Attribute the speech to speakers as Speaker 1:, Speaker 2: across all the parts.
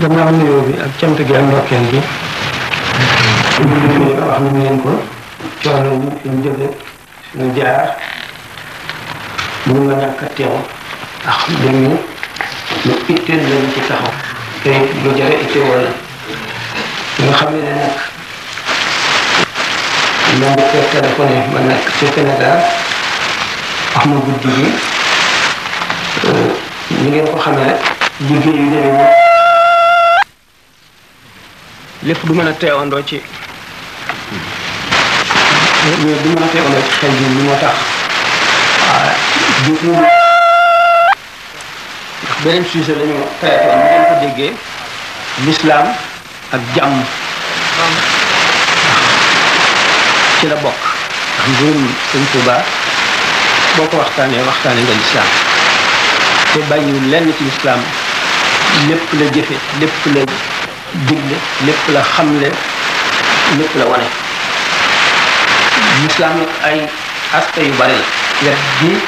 Speaker 1: gannaaw na
Speaker 2: bi ak cant gi ndokkeel bi ñu wax nañ leen ko coono ñu fi ñu jóge jaar mun nga ñàkk teew ndax dañu lu itteel lañ ci taxaw te lu jare ittewoo la nga xam ne ne nag moom ko téléphoné ma nekk ci Sénégal wax ma guddi gi ñu ngeen ko xamee liggéey yu demee lépp du mën a teewandoo ci du mën bi li moo tax waaw beneen sujet la ñu traité ko déggee l'islam ak jàmm ci la bokk ndax mbirum Sëñ Tuubaa boo ko waxtaanee waxtaanee nga lislaam te bàyyiwul lenn ci lislaam lépp la jëfe lépp la digle lépp la xamle lépp la wane lislaam nag ay aspect yu bari la wet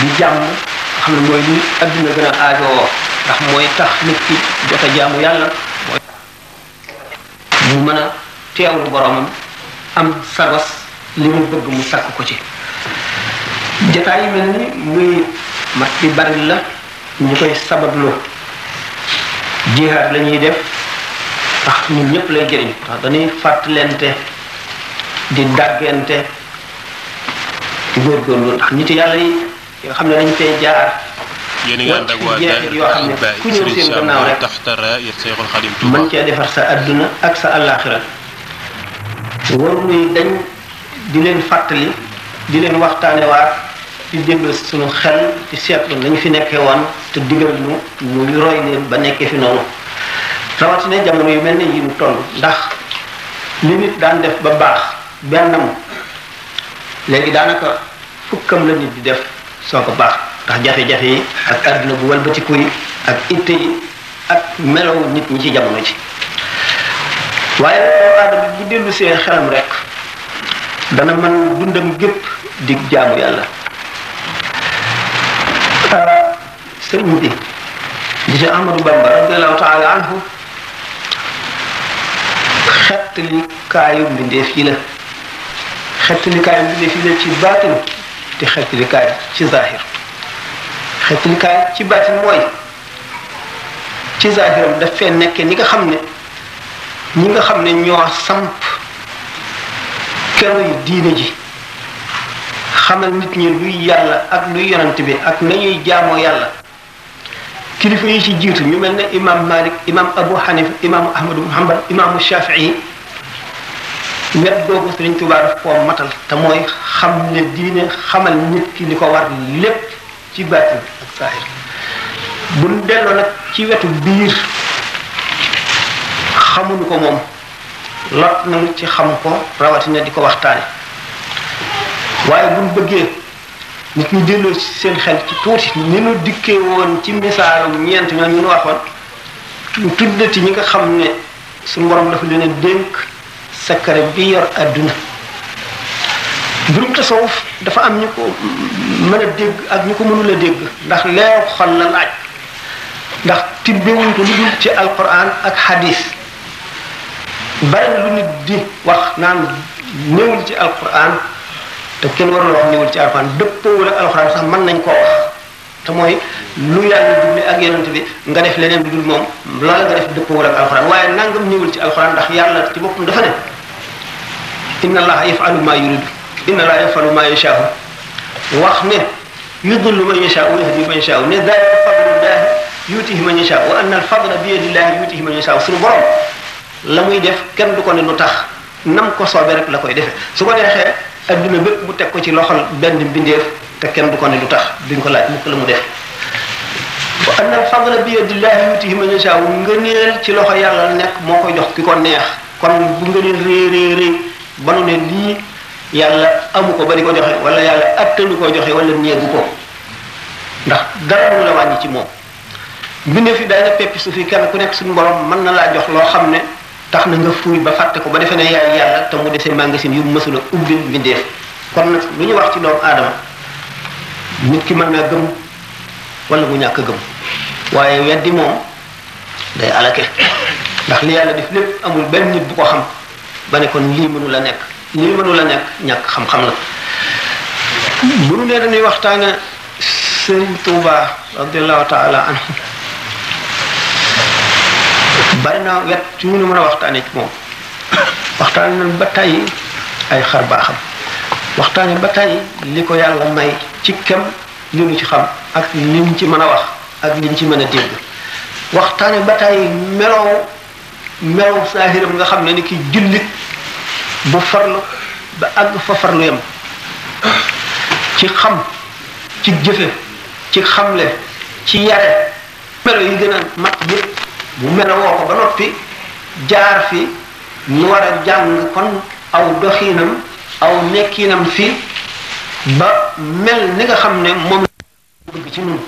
Speaker 2: di jàmm xam ne mooy li adduna gën a aajowoo ndax mooy tax nit ki jot a jaamu yàlla mu mën a teewlu boromam am sabas li mu bëgg mu sakk ko ci jataay yi mel ni muy mat bi bari la ñu koy sabablu jihaad la ñuy def ndax ñun ñëpp lay jëriñ ndax dañuy fàttalente di dàggante di góorgóorlu ñi nit yàlla yi nga xam ne dañ fee jaar.
Speaker 3: yéen ak waa daayira yoo xam ne ku ñëw seen gannaaw
Speaker 2: cee defar sa adduna ak sa àllaaxira waruñuy dañ di leen fàttali di leen waxtaanewaat. ci déglu suñu xel ci seetlu nañu fi nekkee woon te digal ñu ñu roy leen ba nekkee fi noonu rawatina jamono yu mel ne yi mu toll ndax li nit daan def ba baax bennam léegi daanaka fukkam la nit di def soo ko baax ndax jafe-jafe yi ak àdduna bu walbatiku yi ak itte yi ak melow nit ñi ci jamono ci waaye doomu aadama bu dellu seen xelam rek dana mën dundam gépp di jaamu yàlla xara saudi di ci Ahmadu Bamba radiallahu taala anhu xett li kaayu mbindeef yi la xett li kaayu mbindeef yi la ci baatin te xett li kaay ci zahir xett li kaay ci baatin mooy ci zahiram daf fee nekkee ñi nga xam ne ñi nga xam ne ñoo samp këru diine ji xamal nit ñi luy yàlla ak luy yonent bi ak nañuy jaamoo yàlla kilifa yi ci jiitu ñu mel ne imam malik imam abu xanifa imam ahmadu muhammad imaamu shafii wet googu sëriñ Tuubaa daf koo matal xam ne diine xamal nit ki li ko war lépp ci baatin ak saahir nag ci wetu biir xamuñu ko moom lot nañu ci xam ko rawatina di ko waxtaane waaye buñ bëggee nit ñu delloo ci seen xel ci tuuti ni ñu dikkee woon ci misaalum ñeent ñoo ñu waxoon ñu tuddati ñi nga xam ne suñu borom dafa leen a dénk sakare bi yor àdduna burum dafa am ñu ko mën dégg ak ñu ko mënul a dégg ndax leeru xol la laaj ndax tibbewuñ ko lu dul ci alquran ak xadiis bari na lu nit di wax naan néewul ci alquran te kenn warul wax ñëwul ci alxuraan dëppoo la alxuraan sax mën nañ koo wax te mooy lu yàlla digle ak yonent bi nga def leneen lu dul moom loola alxuraan waaye nangam ñëwul ci alxuraan ndax yàlla ci boppam dafa ne inna allaha yafalu ma yuridu inna allaha yafalu ma yashaau wax ne yudillu man yashaau wa yahdi man yashaau ne dalika fadlullahi yuutihi man yashaau wa anna alfadla bi yadillahi yuutihi man yashaau suñu borom la muy def kenn du ko ne lu tax nam ko soobee rek la koy defee su ko neexee adduna bépp bu teg ko ci loxol benn mbindeef te kenn du ko ne lu tax duñ ko laaj mukk la mu def wa anna al fadla bi yadillahi yutihi man yasha ngëneel ci loxo yàlla nekk moo koy jox ki ko neex kon bu ngëneel rëy rëy rëy ba nu lii yàlla amu ko ba di ko joxee wala yàlla attanu koo joxe walla néegu ko ndax dara mu la wàññi ci moom mbindeef yi day na peppi suuf yi kenn ku nekk suñu borom mën na laa jox loo xam ne tax na nga fuuy ba fàtte ko ba defe ne yaay yàlla te mu dese magasin yu mësula ubbil mbindeef kon nag lu ñu wax ci doomu aadama nit ki mën naa gëm wala mu ñàkk gëm waaye weddi moom day alake ndax li yàlla def lépp amul benn nit bu ko xam ba ne kon lii mënu la nekk lii mënu la nekk ñàkk xam-xam la bu nu nee dañuy waxtaane Sëriñ Tuuba radiyallahu taala anhu bari na wet ci ñu mën a waxtaanee ci moom waxtaane nañ ba tey ay xar baaxam waxtaane ba tey li ko yàlla may ci kem li ñu ci xam ak liñ ci mën a wax ak liñ ci mën a dégg waxtaane ba melo meloo meloo saahiram nga xam ne ni ki jullit bu farlu ba àgg fa farlu yam ci xam ci jëfe ci xamle ci yare melo yi gën a mat bu melowoo ko ba noppi jaar fi mu war a jàng kon aw doxiinam aw nekkiinam fi ba mel ni nga xam ne moom bëgg ci nun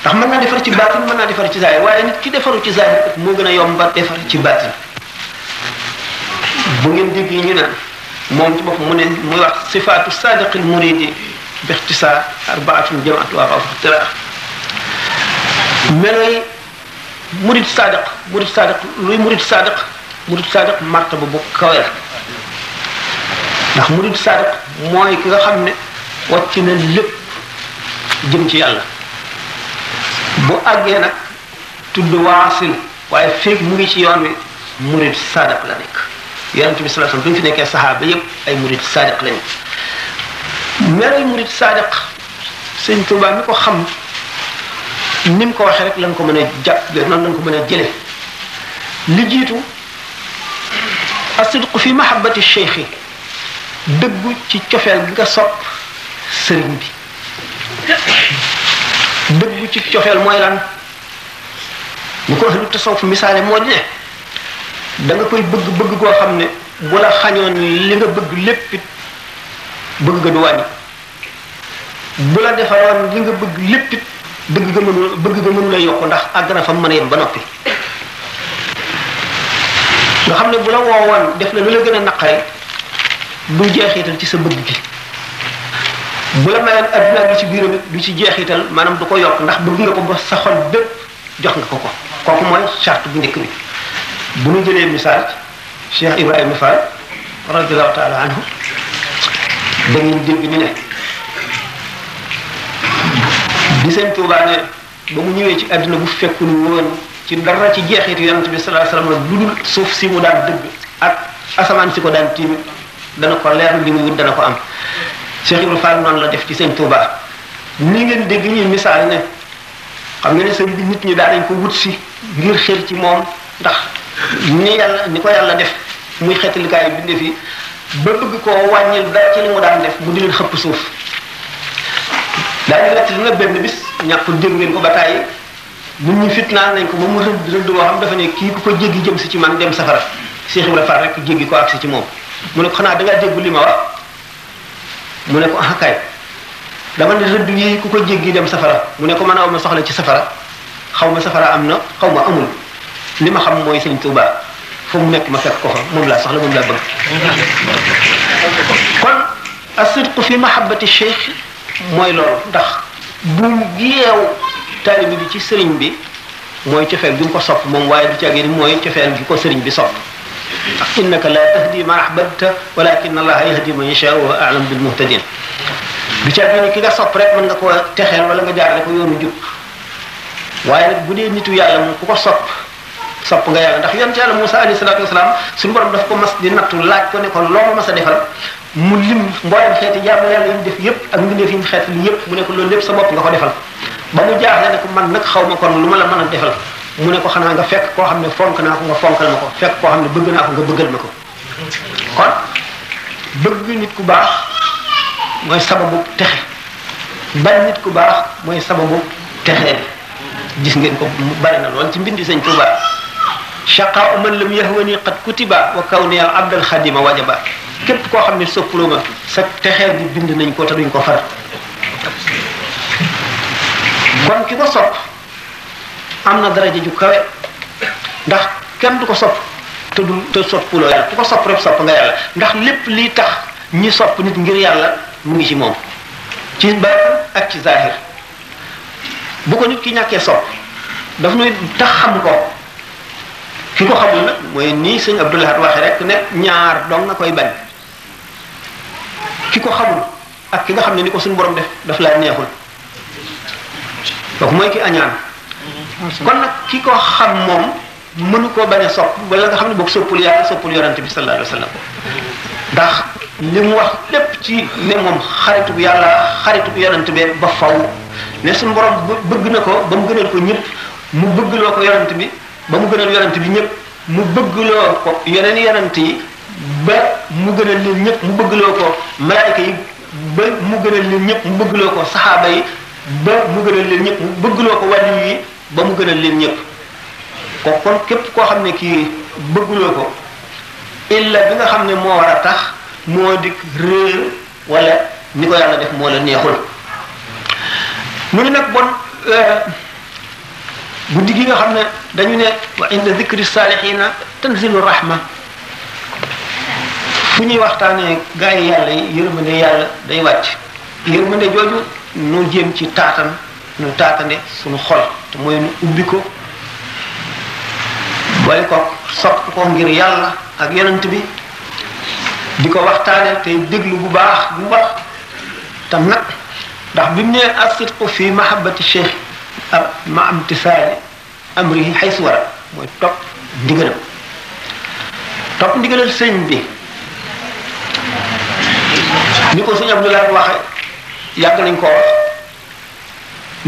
Speaker 2: ndax mën defar ci baatin mën naa defar ci zaahir waaye nit defaru ci zaahir moo gën a yomba defar ci baatin bu ngeen dégg ñu naan moom ci bopp mu ne muy wax sifaatu sadiqil muridi bixtisaar arbaatun jamaat waa xaw melo yi murid sadiq murid sadiq luy murid sadiq murid sadiq martaba bu kawe la ndax murid sadiq mooy ki nga xam ne wàcc na lépp jëm ci yàlla bu àggee nag tudd waasil waaye féeg mu ngi ci yoon wi murid sadiq la nekk yonent bi sallallahu alayhi wasallam bi mu fi nekkee saxaaba yépp ay murid sadiq lañu melay murid sadiq sëñ Tuubaa mi ko xam ni ko waxee rek lañ ko mën a jàpp noonu ko mën a jële li jiitu asidqu fi mahabbati cheikh yi dëggu ci cofeel gi nga sopp sëriñ bi dëggu ci cofeel mooy lan ñu ko ahlu tasawuf misaale moo di ne koy bëgg bëgg koo xam ne bu la xañoon li nga bëgg léppit bëgg nga du bu la defaloon li nga bëgg léppit bëgg nga mënu bëgg nga mënu la yokk ndax àgg na fa mën a yem ba noppi nga xam ne bu la woowoon def la lu la gën a naqare du jeexital ci sa bëgg gi bu la mayoon adduna gi ci biiram du ci jeexital maanaam du ko yokk ndax bëgg nga ko ba sa xol bépp jox nga ko ko kooku mooy charte bu njëkk bi bu ñu jëlee message Cheikh Ibrahima Fall radiyallahu taala anhu da ngeen dégg ñu ne li sëñ Tuubaa ne ba mu ñëwee ci àddina bu fekkul woon ci dara ci jeexit yonent bi sallallahu alayhi wasallam lu dul suuf si mu daan dëgg ak asamaan si ko daan tiim dana ko leer li mu wut dana ko am Cheikh Ibrahima Fall noonu la def ci sëñ Tuubaa ni ngeen dégg ñuy misaal xam nga ne sëñ bi nit ñi ko wut si ngir xër ci moom ndax ni yàlla ni ko yàlla def muy xetalikaay bindee fi ba bëgg koo wàññil dara ci li mu daan def bu di leen xëpp suuf daañu nett li nag benn bis ñàkk dégg ngeen ko ba tàyyi nit ñi fitnaal nañ ko moom mu rëdd rëdd boo xam dafa ne kii ku ko jéggi jëm si ci man dem safara Cheikh Ibrahima Fall rek jéggi ko agsi ci moom mu ne ko xanaa da ngaa dégg li ma wax mu ne ko ah kay dama ne rëdd yi ku ko jéggi dem safara mu ne ko man aw ma soxla ci safara xaw ma safara am na xaw ma amul li ma xam mooy sëñ Touba fu mu nekk ma fekk ko fa moom laa soxla moom laa bëgg kon asidqu fi mahabbati cheikh mooy loolu ndax buum gi mu taalibe bi ci sëriñ bi mooy cofeel gi ko sopp moom waaye du caagin mooy cofeel gi ko sëriñ bi sopp ndax innaka la tahdi man ahbabta walakin allaha yahdi man yashaau wa alam bil muhtadin du caagin ki nga sopp rek mën nga ko texeel wala nga jaarale ko yoonu jub nag bu dee nitu yàlla moom ku ko sopp sopp nga yàlla ndax yonent yàlla Musa alayhi salaatu wasalaam suñu daf ko mas di nattu laaj ko ne loo ma mas a defal mu lim mboolem xeeti jaamu yàlla yi mu def yëpp ak mbindeef yi mu xeet li yëpp mu ne ko loolu lépp sa bopp nga ko defal ba mu jaaxle ne ko man nag xaw ma kon lu ma la mën a defal mu ne ko xanaa nga fekk koo xam ne fonk naa ko nga fonkal ma ko fekk koo xam ne bëgg naa ko nga ko kon nit ku baax mooy sababu texe bañ nit ku baax mooy sababu texe gis ngeen ko bari na lool ci mbindi sëñ Tuubaa chaqa uman lam yahwani qad kutiba wa kawni al abdal xadima wajaba képp koo xam ne soppaloo nga sa texeer bi bind nañ ko te duñ ko far kon ki ko sopp am na daraja ju kawe ndax kenn du ko sopp te du te soppuloo yàlla ku ko sopp rek sopp nga yàlla ndax lépp liy tax ñi sopp nit ngir yàlla mu ngi ci moom ci baatin ak ci zahir bu ko nit ki ñàkkee sopp daf nuy tax xam ko ki ko xamul nag mooy nii sëñ Abdoulaye waxee rek ne ñaar dong na koy bañ ki ko xamul ak ki nga xam ne ni ko suñu borom def daf laa neexul kooku mooy ki añaan kon nag ki ko xam moom mënu koo bañ a sopp wala nga xam ne book soppul yàlla soppul yonante bi sallallahu alayhi wa sallam ndax li mu wax lépp ci ne moom xaritu bu yàlla xaritu bu yonante bi ba faw ne suñu borom bëgg na ko ba mu gënal ko ñëpp mu bëgguloo ko yonante bi ba mu gënal yonante bi ñëpp mu bëgguloo ko yeneen yonante yi ba mu gënal leen ñëpp mu bëgguloo ko malaayka yi ba mu gënal leen ñëpp mu bëgguloo ko saxaaba yi ba mu gënal leen ñëpp mu bëggloo ko wàllu ba mu gënal leen ñëpp ko kon képp koo xam ne kii bëgguloo ko illa bi nga xam ne moo war a tax moo dikk réer wala ni ko yàlla def moo la neexul mu ne nag bon euh, guddi gi nga xam ne dañu ne wa inda zikri saalihiina tanzilu rahma fu ñuy waxtaanee gaa yi yàlla yi yërmande yàlla day wàcc yërmande jooju nu jéem ci taatan nu taatande suñu xol te mooy nu ubbi ko boole ko sopp ko ngir yàlla ak yonent bi di ko waxtaane tey déglu bu baax bu baax tam nag ndax bi mu nee asidqu fi mahabbati cheikh ma am tisaali amrihi xaysu wara mooy topp ndigalam topp ndigalal sëñ bi ni ko sëñ Abdoulaye waxe yàgg nañ ko wax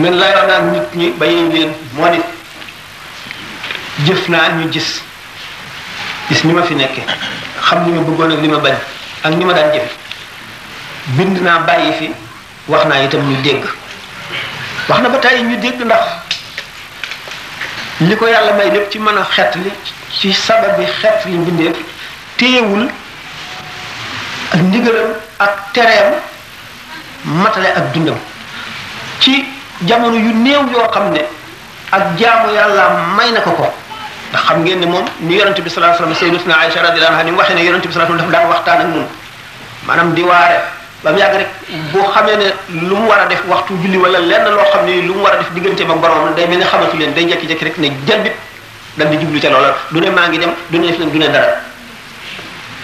Speaker 2: man lay wax naan nit ñi bàyyi leen moo nit jëf naa ñu gis gis ni ma fi nekke xam ni ma bëggoon ak li ma bañ ak ni ma daan jëfe bind naa bàyyi fi wax naa itam ñu dégg wax na ba tàyyi ñu dégg ndax li ko yàlla may lépp ci mën a xet li ci sababi xet li mbindeef téyewul ak ndigalam ak tereem matale ak dundam ci jamono yu new yoo xam ne ak jaamu yàlla may na ko ko ndax xam ngeen ne moom ni yonente bi sallallahu alayhi wasallam sayyidatuna Aisha radiyallahu anha ni mu waxee ne yonente bi sallallahu alayhi wasallam dafa daan waxtaan ak ñun maanaam di waare yàgg rek boo xamee ne lu mu war a def waxtu julli wala lenn loo xam ne lu mu war a def diggante ba borom day mel ne xamatu leen day jekki-jekki rek ne jëlbit dal di jublu ca la du ne maa ngi dem du ne def leen dara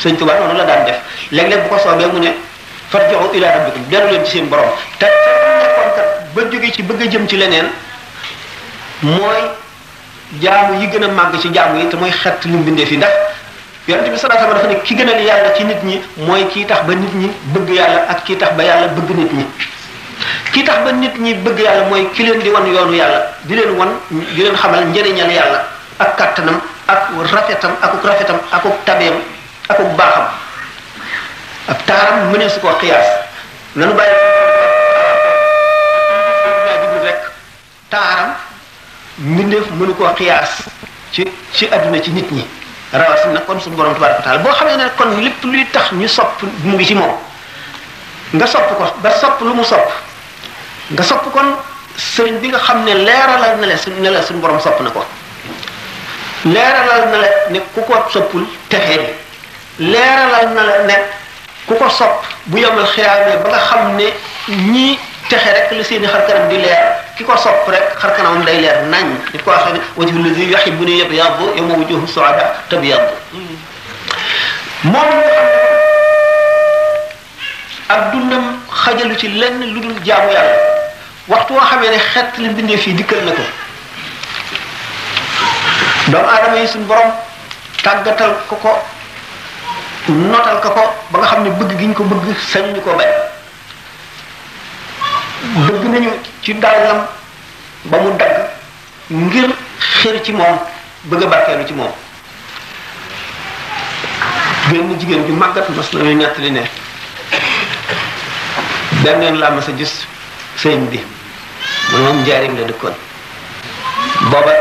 Speaker 2: sëñ Tuubaa noonu la daan def léeg-léeg bu ko soobee mu ne farji'u ila rabbikum dellu leen ci seen borom te nekkoonkat ba ci bëgg a jëm ci leneen mooy jaamu yi gën a màgg ci jaamu yi te mooy xet lu mbindee fi ndax yonent bi sallallahu alayhi wasallam dafa ne ki gënal yàlla ci nit ñi mooy kii tax ba nit ñi bëgg yàlla ak kii tax ba yàlla bëgg nit ñi kii tax ba nit ñi bëgg yàlla mooy ki leen di wan yoonu yàlla di leen wan di leen xamal njëriñal yàlla ak kàttanam ak rafetam akuk rafetam akuk tabeem ak bu baaxam ab taaram mënee su ko xiyaas nanu bàyyi daa jublu rek taaram mbindeef mënu koo xiyaas ci ci adduna ci nit ñi rawatina nag kon suñu borom tabaraka taala boo xamee ne kon lépp luy tax ñu sopp mu ngi ci moom nga sopp ko ba sopp lu mu sopp nga sopp kon sëriñ bi nga xam ne leeralal na le su ne la suñu borom sopp na ko leeralal na le ne ku ko soppul texee leera na la ne ku ko sop bu yomal xiyaamee ba nga xam ne ñii texe rek la seeni xarkanam di leer ki ko sopp rek xarkanamam day leer nañ nit ko waxee ne wajhu lazi yuhibbu ni yabyaddu yawma wujuhu suada moom ak xajalu ci lenn lu dul jaamu yàlla waxtu woo xamee ne xet li mbindee fii dikkal na ko doomu aadama yi suñu borom tàggatal ko ko nootal ko ko ba nga xam ne bëgg gi ñu ko bëgg sañ ko bañ bëgg nañu ci dàllam ba mu dagg ngir xër ci moom bëgg a barkeelu ci moom benn jigéen ju màggat mas na ñuy ñett ne benn laa mas a gis sëñ bi mu moom njaarim la dëkkoon booba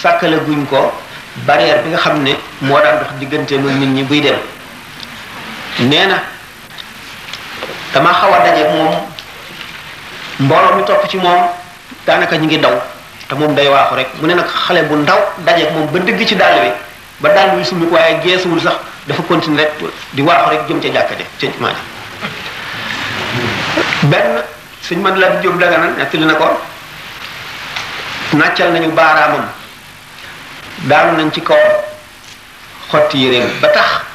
Speaker 2: sàkkale guñ ko barrière bi nga xam ne moo daan dox diggantee noonu nit ñi buy dem nee na dama xaw a daje moom mbooloo mi topp ci moom daanaka ñu ngi daw te moom day waaxu rek mu ne nag xale bu ndaw daje moom ba dëgg ci dàll bi ba dàll wi summi ko waaye geesuwul sax dafa continuer rek di waaxu rek jëm ca jàkka ja ca jumaa ja benn suñ mën la bi jóob dagana nettali na ko nàccal nañu baaraamam daanu nañ ci kaw xotti yéreem ba tax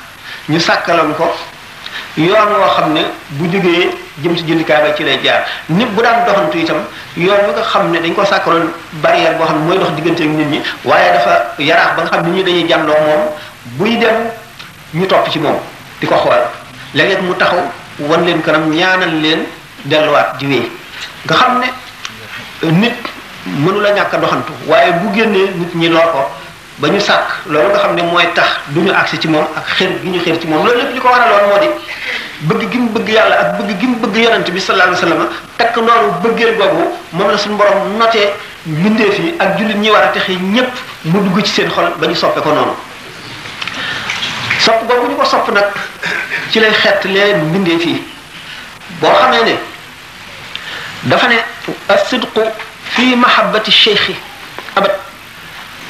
Speaker 2: ñu sàkkaloon ko yoon woo xam ne bu jógee jëm si jënd ba ci lay jaar nit bu daan doxantu itam yoon wi nga xam ne dañ ko sàkkaloon barrière boo xam ne mooy dox diggante nit ñi waaye dafa yaraax ba nga xam nit ñi dañuy jàndoo moom buy dem ñu topp ci moom di ko xool léeg-léeg mu taxaw wan leen kanam ñaanal leen delluwaat di nga xam ne nit mënu ñàkk a doxantu waaye bu génnee nit ñi lor ko ba ñu sàkk loolu nga xam ne mooy tax du ñu agsi ci moom ak xër gi ñu xër ci moom loolu lépp li ko waraloon moo di bëgg gi mu bëgg yàlla ak bëgg gi mu bëgg yonent bi sallallahu alayhi wasallam takk noonu bëggeel googu moom la su borom notee mbindeef yi ak jullit ñi war a texe ñépp mu dugg ci seen xol ba ñu soppe ko noonu sopp googu ñu ko sopp nag ci lay xett leen mbindeef yi boo xamee ne dafa ne as-sidqu fi mahabbati cheikhi abat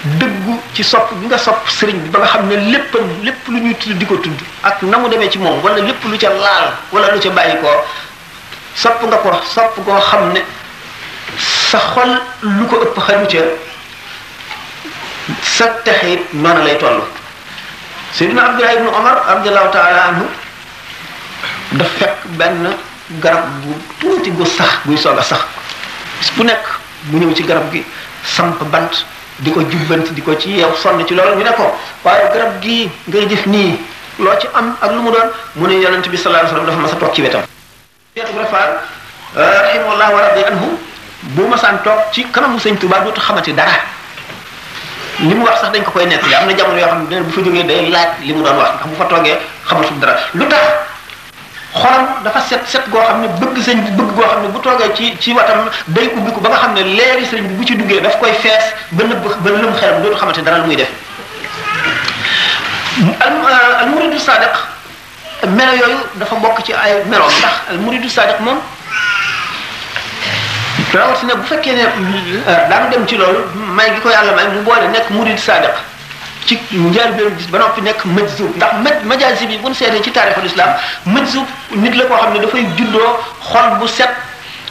Speaker 2: dëggu ci sopp bi nga sopp sëriñ bi ba nga xam ne lépp lépp lu ñuy tudd di ko tudd ak na mu demee ci moom wala lépp lu ca laal wala lu ca bàyyi ko sopp nga ko sopp koo xam ne sa xol lu ko ëpp xaju ca sa texit noonu lay toll Seydina Abdullah ibnu Omar radiallahu taala anhu daf fekk benn garab bu tuuti gu sax guy soog a sax bis bu nekk mu ñëw ci garab gi samp bant di ko jubbanti di ko ci yeew sonn ci loolu ñu ne ko waaye garab gii ngay def nii loo ci am ak lu mu doon mu ne yonent bi sallallahu alayhi wasallam dafa mas a toog ci wetam Cheikh Ibra Fall rahimahullah wa radi anhu bu masaan toog ci kanamu sëñ Tuubaa dootu xamante dara li mu wax sax dañ ko koy nettali am na jamono yoo xam ne bu fa jógee day laaj li mu doon wax ndax bu fa toogee xamatul dara lu tax xolam dafa set set goo xam ne bëgg sëñ bëgg goo xam ne bu toogee ci ci watam day ubbiku ba nga xam ne leeri sëñ bi bu ci duggee dafa koy fees ba nëbb ba lëm xelam dootu xamante dara lu muy def al euh, muridu sadiq melo yooyu dafa bokk ci ay melo ndax al muridu sadiq moom rawatina bu fekkee ne euh, daanu dem ci loolu may gi ko yàlla may mu boole nekk murid sadiq ci njaal beeru gis ba noppi nekk majzub ndax maj majaasi bi bu ñu seetee ci taarixul islam majzub nit la koo xam ne dafay juddoo xol bu set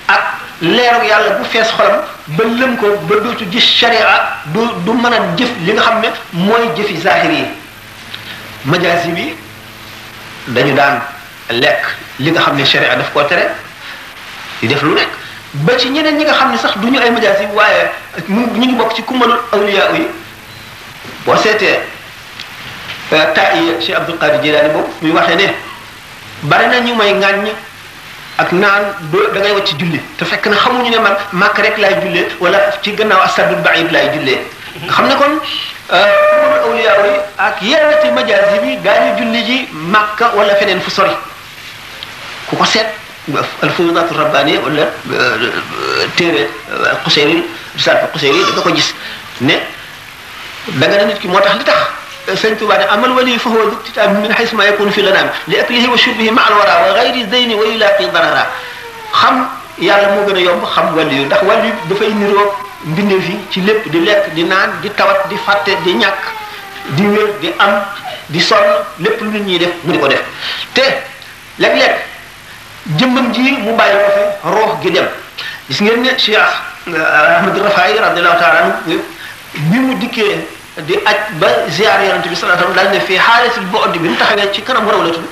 Speaker 2: ak leerug yàlla bu fees xolam ba lëm ko ba dootu gis sharia du du mën a li nga xam ne mooy jëfi zahir yi majaasi bi dañu daan lekk li nga xam ne sharia daf koo tere di def lu nekk ba ci ñeneen ñi nga xam ne sax du ñu ay majaasi waaye ñu ngi bokk ci kumalul awliya yi boo seetee euh, ta yi Cheikh Abdul Qadir Jilaani moom muy ne bari na ñu may ŋàññ ak naan doo da ngay wacc te fekk na xamuñu ne man màkk rek laay jullee wala ci gannaaw asadul baid laay jullee nga xam ne kon euh, mën awliyaa yi ak yenati majaasi bi daañu julli ji màkka wala feneen fu sori ku ko seet alfuyudaatu rabbaani wala euh, téere xuseyri risal xuseyri da nga ko gis da nga ne ki moo tax li tax sëñ Tuba ne amal wali fa huwa duktitab min xaysu ma yakunu fi lanaam li aklihi wa shurbihi ma al wara wa gayri zeyni wa yàlla moo gën a yomb xam wàllu yu ndax wàllu yu dafay niroo mbindeef yi ci lépp di lekk di naan di tawat di fàtte di ñàkk di wér am di sonn lépp lu nit def mu di ko def te léeg-léeg jëmbam ji mu bàyyi ko fi roox gi euh, mu dikkee di aj ba ziar yonente bi sallallahu alayhi wa sallam daal ne fii xaalatil bu'di bi mu taxawee ci kanam rawlatu bi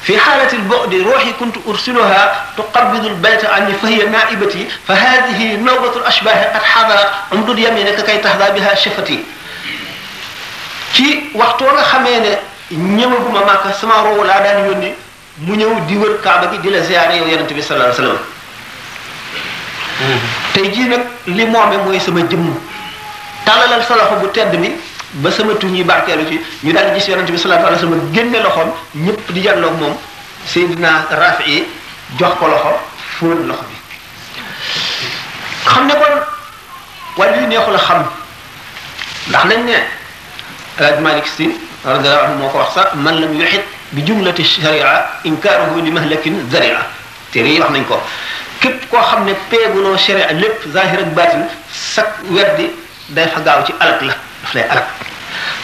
Speaker 2: fii xaalatil bu'di ruuxi kuntu ursiluha tuqabbidu lbayta anni fa hiya naibati fa hadihi nawbatul ashbaahi qad xadarat umdud yaminika kay tahda biha shafati ci waxtu nga xamee ne ñëwaguma Màkka sama roow laa daan yónni mu ñëw di wër kaaba gi di la ziar yow yonente bi sallallahu alayhi wa sallam hmm. tey jii nag li moome mooy sama jëmm tàllalal sa loxo bu tedd bi ba sama tuñ yi barkeelu ci ñu daal di gis yonente bi sallallahu alayhi wa sallam génne loxoom ñëpp di jàlloog moom Seydina Rafi jox ko loxo fóon loxo bi xam ne kon wàllu yu neexu la xam ndax nañ ne El Hadj Malick Sy radiyallahu anhu moo ko wax sax man lam yuxit bi jumlati sharia inkaaruhu li mahlakin zaria téere yi wax nañ ko képp koo xam ne peegunoo sharia lépp zahir ak baatin sak weddi day fa gaaw ci alak la daf lay alak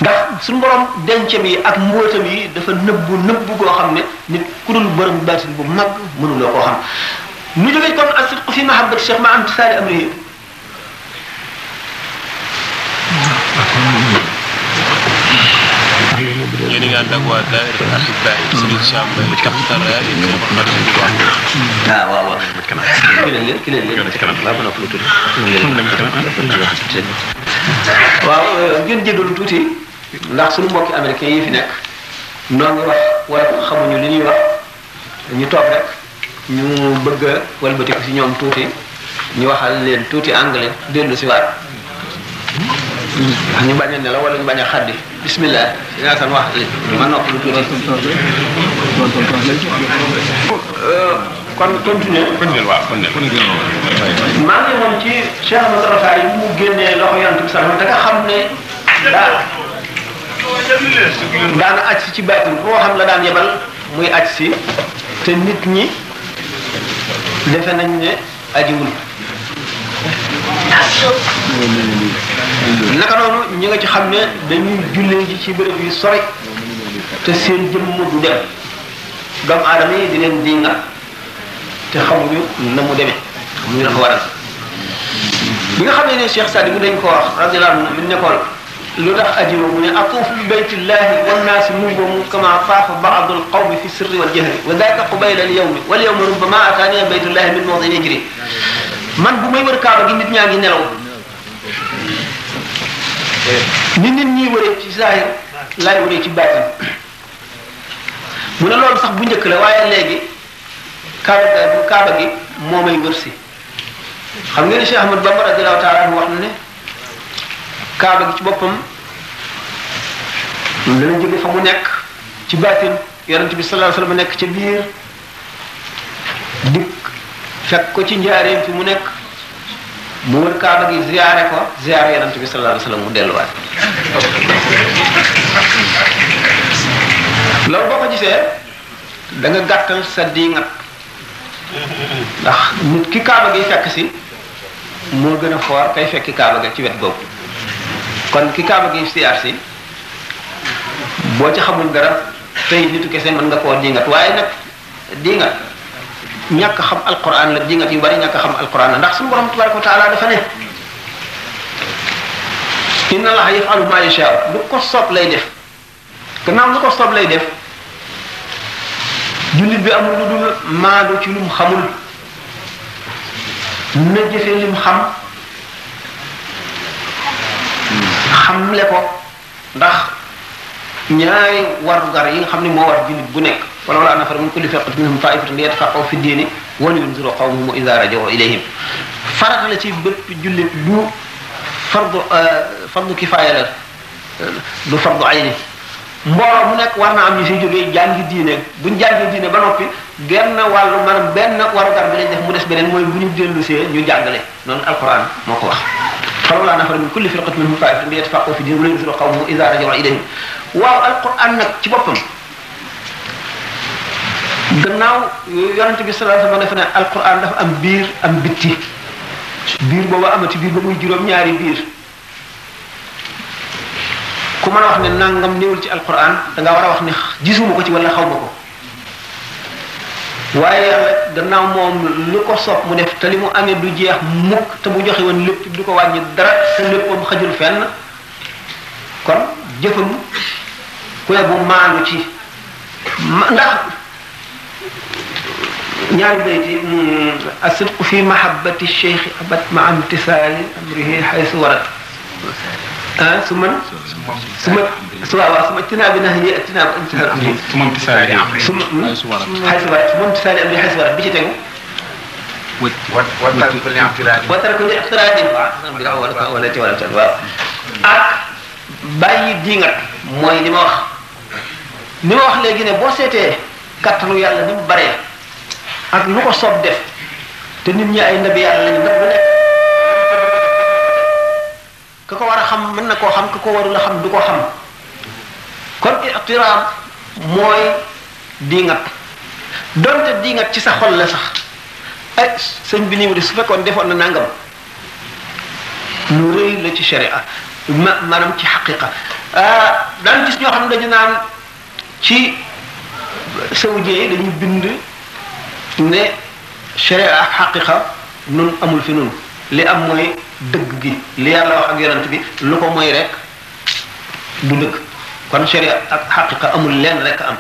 Speaker 2: ndax suñu borom dencam yi ak mbóotam yi dafa nëbbu nëbbu goo xam ne nit ku dul borom baatin bu mag mënuloo koo xam ñu jógee kon asidqu fi mahabbati cheikh ma am tisaali amrihi
Speaker 3: ànd ak waa daayira ñu wax.
Speaker 4: ah waaw waaw. ki leen leen ki leen waaw ba noppi lu tuuti.
Speaker 2: waaw ngeen ndax suñu mbokki américain fi nekk noo ngi wax wala xamuñu li ñuy wax ñu toog rek ñu bëgg a walbatiku si ñoom tuuti ñu waxal leen tuuti anglais dellu si waat. ndax ñu bañ a nelaw wala ñu bañ a xaddi bismillah dinaa san wax ma noppi lu tuuti euh, kon continuer continuer waaw continuer maa ngi moom ci Cheikh Ahmad Rafaay yi mu génnee loxo yonent bi sallallahu alayhi wasallam da nga xam ne daa daana aj si ci baatin koo xam la daan yebal muy aj si te nit ñi defe nañ ne ajiwul naka noonu ñi nga ci xam ne dañuy jullee ji ci béréb yu sori te seen jëmm du dem doomu aadama yi di leen dinga te xamuñu na mu demee xamuñu la ko waral bi nga xam ne ne Cheikh Sadi mu dañ ko wax radiyallahu anhu min nekkoon lu tax ajiba mu ne atuuf bi baytillahi wannaasi nubomu kama faafa baadul qawmi fi sirri wal jahri wa dalika qubayla al yawmi wal yawma rubbama ataaniya baytullahi min mawdini jiri man bu may wër kaaba gi nit ñaa ngi nelaw ni nit ñi wëree ci zahir laay wëree ci baatin mu ne loolu sax bu njëkk la waaye léegi kaaba gi moo may wër si xam ngeen ne Cheikh Ahmad Bamba radiyallahu taala anhu wax na ne kaaba gi ci boppam dana jóge fa mu nekk ci baatin yonent bi sallallahu alayhi wa nekk ci biir fekk ko ci njaareem fi mu nekk mu wër kaaba gi ziyaare ko ziyaare yonent bi sallallahu alayhi wa sallam mu delluwaat loolu boo ko gisee da gàttal sa diingat ndax nit ki kaaba gi fekk si moo gën a foor kay fekki kaaba ga ci wet boobu kon ki kaaba gi siyaar si boo ci xamul dara tey nitu kese mën nga koo diingat waaye nag diingat ñàkk xam alquran la jingat yu bari ñàkk xam alquran la ndax suñu borom tabaraka wa taala dafa ne inna allaha yafalu ma yasha lu ko soob def gannaaw lu ko soob def jullit bi amul lu dul maandu ci lum xamul na jëfee lim xam xamle ko ndax ñaari warugar yi nga xam ne moo war jullit bu nekk ولولا نفر من كل فرقة منهم طائفة ليتفقهوا في الدين ولينذروا قومهم إذا رجعوا إليهم farata la ci bépp jullit du fardu euh, fardu kifaaya la euh, du fardu ayni mbooloo mu nekk war na am ñu fiy jógee jàngi diine buñ jàngi diine ba noppi genn wàllu maanaam benn warugar bi lañ def mu des beneen mooy bu ñu dellusee ñu jàngale noonu alquran moo ko wax falawlaa nafara min kulli firqatin minhum taaifatun liyattafaqqahu fi diin wa liyunziru qawmahum idha raja'u ilayhim waaw alquran nag ci boppam gannaaw yonent bi sallallahu alayhi wa dafa am biir am bitti biir boobu amati biir ba juróom ñaari biir ku mën a wax ne nangam néewul ci alquran da nga war a wax ne gisuma ko ci wala xaw ma ko waaye yàlla gannaaw moom lu ko soob mu def te li mu amee du jeex mukk te bu joxe woon lépp du ko wàññi dara te léppam xajul fenn kon jëfam ku ne bu maandu ci ndax ñaari bayt yi asidqu fi mahabbati cheikhi abat ma imtisaali amrihi haysu warat ah su man su ma su waaw su ma tinaa bi nax yi ak tinaa
Speaker 3: bi imtisaali amri su ma imtisaali amri su ma
Speaker 2: haysu warat su ma imtisaali amri haysu warat bi ci tegu
Speaker 3: wa watarku
Speaker 2: li ictiraadi waaw
Speaker 3: wala ci wala waaw ak
Speaker 2: bàyyi diingat mooy li ma wax li ma wax léegi ne boo seetee kattanu yàlla ni mu baree ak lu ko soob def te nit ñi ay ndabi yàlla lañu ndax bu nekk ko war a xam mën na koo xam ka ko warul a xam du ko xam kon itiraam mooy diingat donte diingat ci sa xol la sax ay eh, sëñ bi nii su fekkoon defoon na nangam lu rëy la ci sharia ma maanaam ci xaqiqa ah, daan gis ñoo xam ne dañu naan ci sawjee dañuy bind ne sharia ak xaqiqa nun amul fi nun li am mooy dëgg gi li yàlla wax ak yonent bi lu ko mooy rek bu dëgg kon sharia ak xaqiqa amul lenn rek am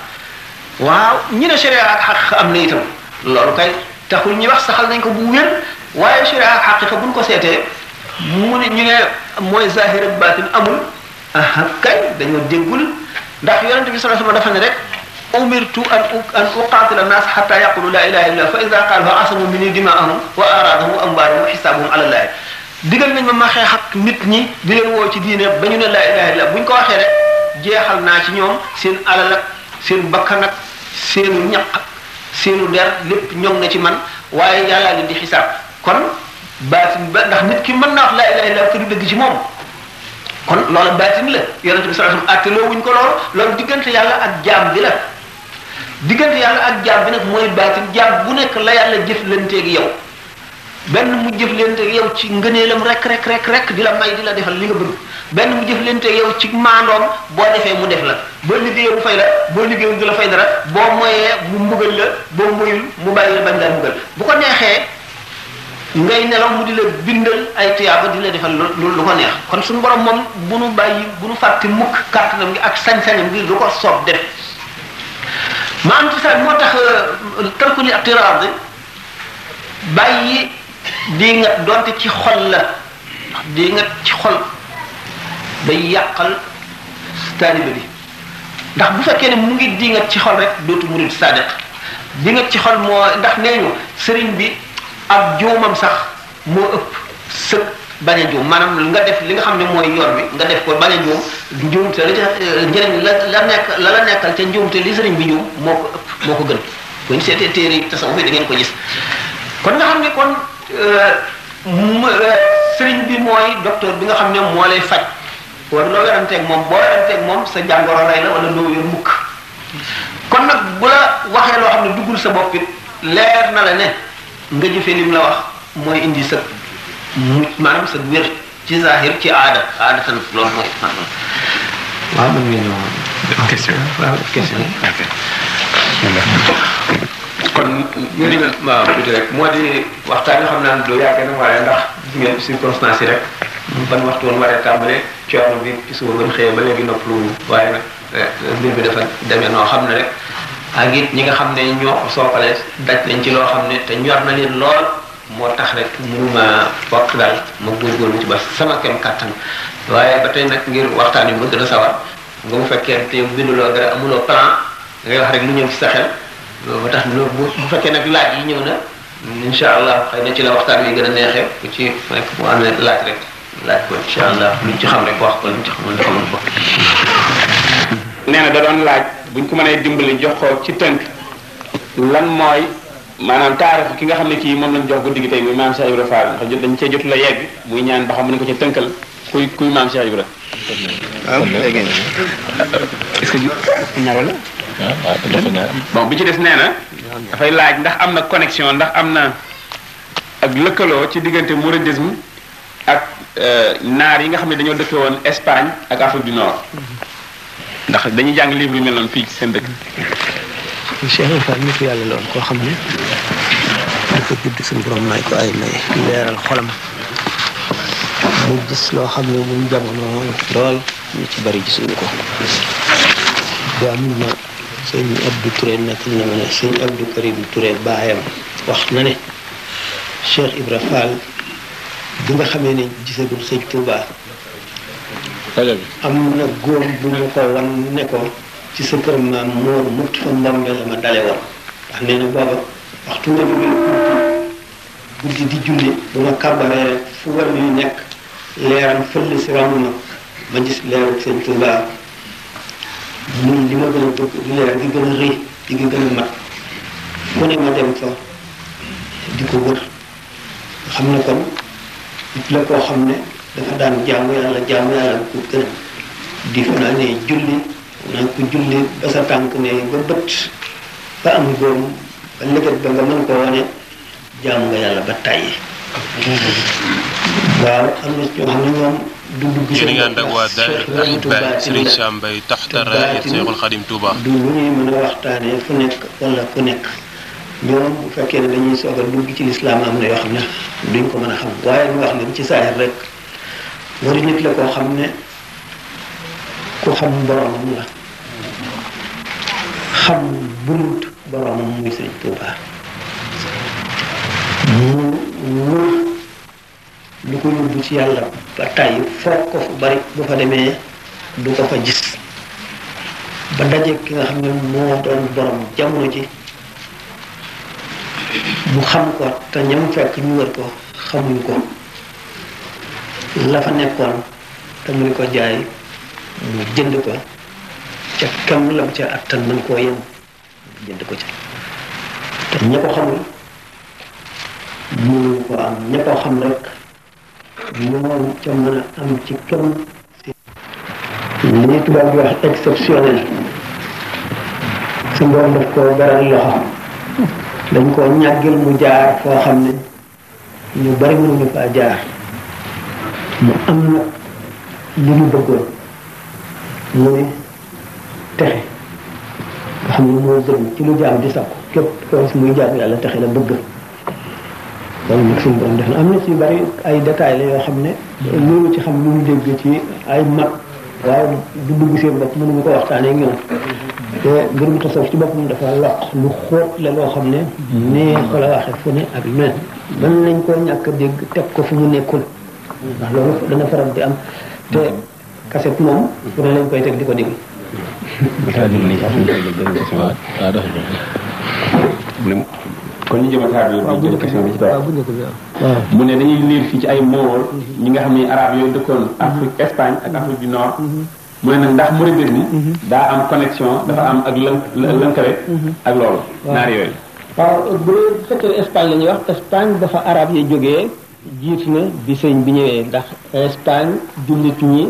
Speaker 2: waaw ñi ne sharia ak xaqiqa am na itam loolu kay taxul ñuy wax saxal nañ ko bu wér waaye sharia ak xaqiqa buñ ko seetee mu ne ñu ne mooy zahir ak baatin amul ah kay dañoo déggul ndax yonent bi sallallahu alayhi wasallam dafa ne rek umirtu an an uqaatila naas xataa yaqulu laa ilaha illallah fa ida qaalu asamu minni dimaahum wa araadahum wa amwaarahum wa xisaabuhum ala llahi digal ma xeex ak nit ñi di leen woo ci diine ba ñu ne laa ilaha illallah bu ñu ko waxee rek jeexal naa ci ñoom seen alal ak seen bakkan ak seenu ñaq seenu der lépp ñoom na ci man waaye yàllaa leen di xisaab kon baatin ba ndax nit ki mën naa wax laa dëgg ci moom kon loola baatin la yonente bi sallallahu ko loolu loolu diggante yàlla ak jaam di la diggante yàlla ak jaam bi nag mooy baatin jaam bu nekk la yàlla jëflanteeg yow benn mu jëflanteeg yow ci ngëneelam rek rek rek di la may di la defal li nga bëgg benn mu jëflanteeg yow ci maandoom boo defee mu def la boo liggéeyee mu fay la boo liggéeyul du la fay dara boo moyee bu mbugal la boo moyul mu bàyyi bañ laa mbugal bu ko neexee ngay nelaw mu di la bindal ay tuyaaba di la defal lu lu ko neex kon suñu borom moom bu nu bàyyi bu nu fàtte mukk kàttanam gi ak sañ-sañam gi lu maanaam ci saa moo tax tarku li attiraad bàyyi di nga donte ci xol la ndax di nga ci xol day yàqal taalibe bi ndax bu fekkee ne mu ngi di nga ci xol rek dootu murid sadiq di nga ci xol moo ndax nee ñu sëriñ bi ak joomam sax moo ëpp sëg bañ a juum maanaam nga def li nga xam ne mooy yoon bi nga def ko bañ a juum njuumte la euh, la la nekk la la nekkal ca njuumte li sëriñ bi juum moo ko ëpp moo ko gën bu seetee téere yi tasawuf da ngeen ko gis kon nga xam ne kon euh, euh, sëriñ bi mooy docteur bi nga xam ne moo lay faj war loo weranteeg moom boo weranteeg moom sa jàngoro rey la wala loo yor mukk kon nag bu waxee loo xam ne duggul sa bopp it leer na la ne nga jëfee lim la wax mooy indi sa mu maanaam sa wér ci zahir ci aada aada tan loolu mooy
Speaker 4: waaw mën nga ñëw question waaw question
Speaker 3: moo di waxtaan yoo xam naa doo yàgg na waaye ndax gis ngeen circonstance yi rek
Speaker 2: ban waxtu woon waree tàmbalee coono bi ba xëyee ba léegi noppalu waaye nag eh, mbir bi dafa demee noo xam ne rek ak it ñi nga xam ne ñoo ko daj nañ ci loo xam ne te ñor na leen lool moo tax rek mënuma bokk daal ma góorgóorlu ci ba sama kem kàttan waaye ba tey nag ngir waxtaan yu ma gën a sawar nga mu fekkee te binduloo dara amuloo plan ngay wax rek lu ñëw ci sa xel ba tax bu bu fekkee nag laaj yi ñëw na incha allah xëy na ci la waxtaan wi gën a neexee ku ci rek bu amee laaj rek laaj ko incha allah
Speaker 3: luñ ci xam rek wax ko luñ ci xamul xamul ko. nee na da doon laaj buñ ko mënee dimbali jox ko ci tënk lan mooy. maanaam taarif ki nga xam ne kii moom lañ jox guddi gi tey muy maam Cheikh Ibra Fall ndax dañ cee jotul la yegg muy ñaan ba xam ne ko ca tënkal kuy kuy maam Cheikh Ibra. Ah, ah, waaw léegi ci des nee na. dafay laaj ndax am na connexion ndax am na ak lëkkaloo ci diggante mouridisme ak euh, naar yi nga xam ne dañoo dëkke woon Espagne ak Afrique mhm. dañuy jàng livre yu mel noonu fii ci seen dëkk.
Speaker 2: Cheikh Ibra Fall nitu yàlla loon koo xam ne dafa judd suñu ko ay may leeral xolam mu gis loo xam ne bu mu jamono lool ñu ci bari gisuñu ko daa mun na sëñ Abdou Touré nekk na ma ne sëñ Abdou Karim Touré baayam wax na ne Cheikh Ibra Fall bi nga xamee ne gisagul sëñ Touba am na góom bu ñu ko wan ne ci sa kër maam moor mukk fa ndam ma dale war ndax nee na booba waxtu nga bi guddi di julli bu ma kàbbaree rek fu war yu nekk leeram fëll si ràmm na ma gis leeru sëñ Tuubaa li ma gën a bëgg di leer di gën a rëy di gën a mat fu ne ma dem fa di ko wër xam ne kon nit la koo xam ne dafa daan jaamu yàlla jaamu yàlla ko gën di fanaanee julli na nga ko julli ba sa tànk ne ba bët ba am góom ba lëgët ba nga mën ko wane jaamu nga yàlla ba tàyyi waaw am na ñoo xam ne ñoom du dugg yéen a ngi ànd ak waa daayira Ahibahil Serigne Sam Mbaye taxta raaya Seexul du lu ñuy mën a nekk wala bu fekkee ne dañuy soog a dugg ci lislaam am na yoo xam ne duñ ko mën a xam waaye ñu wax leen ci saahir rek waru nit la koo xam ne ku xam boroomam la xam bunt boroomam muy sëriñ Tuubaa mu wër lu ko yóbbu ci yàlla ba tàyyi foog ko fu bari bu fa demee du ko fa gis ba daje ki nga xam ne moo doon borom jamono ji mu xam ko te ñam fekk ñu wër ko xamuñ ko la fa nekkoon te mu ko jaay mu jënd ko ca kam lam ca attan mën koo yem jënd ko ca ña ko xamul mënuñ ko am ña ko xam rek moom ca mën a am ci kam li tubaab bi wax exceptionnel su mboom daf koo baral loxo dañ koo ñàggil mu jaar foo xam ne ñu bari mënuñu faa jaar mu am na li mu bëggoon mu texe nga xam ne moo gën ci lu jaam di sàkku képp koo gis muy jaam yàlla texe la bëgg loolu am na ci bari ay détails la yoo xam ne loolu ci xam lu ñu dégg ci ay mag waaye du dugg seen bopp mënu mu ko waxtaanee ak ñoom te mbirum tasawuf ci boppam dafa loq lu xóot la loo xam ne nee ko fu ne ak mel mën nañ koo ñàkk dégg teg ko fu mu nekkul ndax loolu dana faral di am te kaset moom. bu ne lañ koy teg ko déglu.
Speaker 3: kon ñu jëm a taar yooyu liir fii ci ay mool ñi nga xam ne arab yooyu dëkkoon Afrique Espagne ak Afrique du Nord mhm. mu ne nag ndax mouridisme mhm. daa am connexion dafa am ak lën
Speaker 4: mhm. ak loolu naar yooyu waaw bu
Speaker 2: fekkee Espagne la wax Espagne dafa arab yi jógee jiit na bi sëñ bi ñëwee ndax Espagne jullit ñi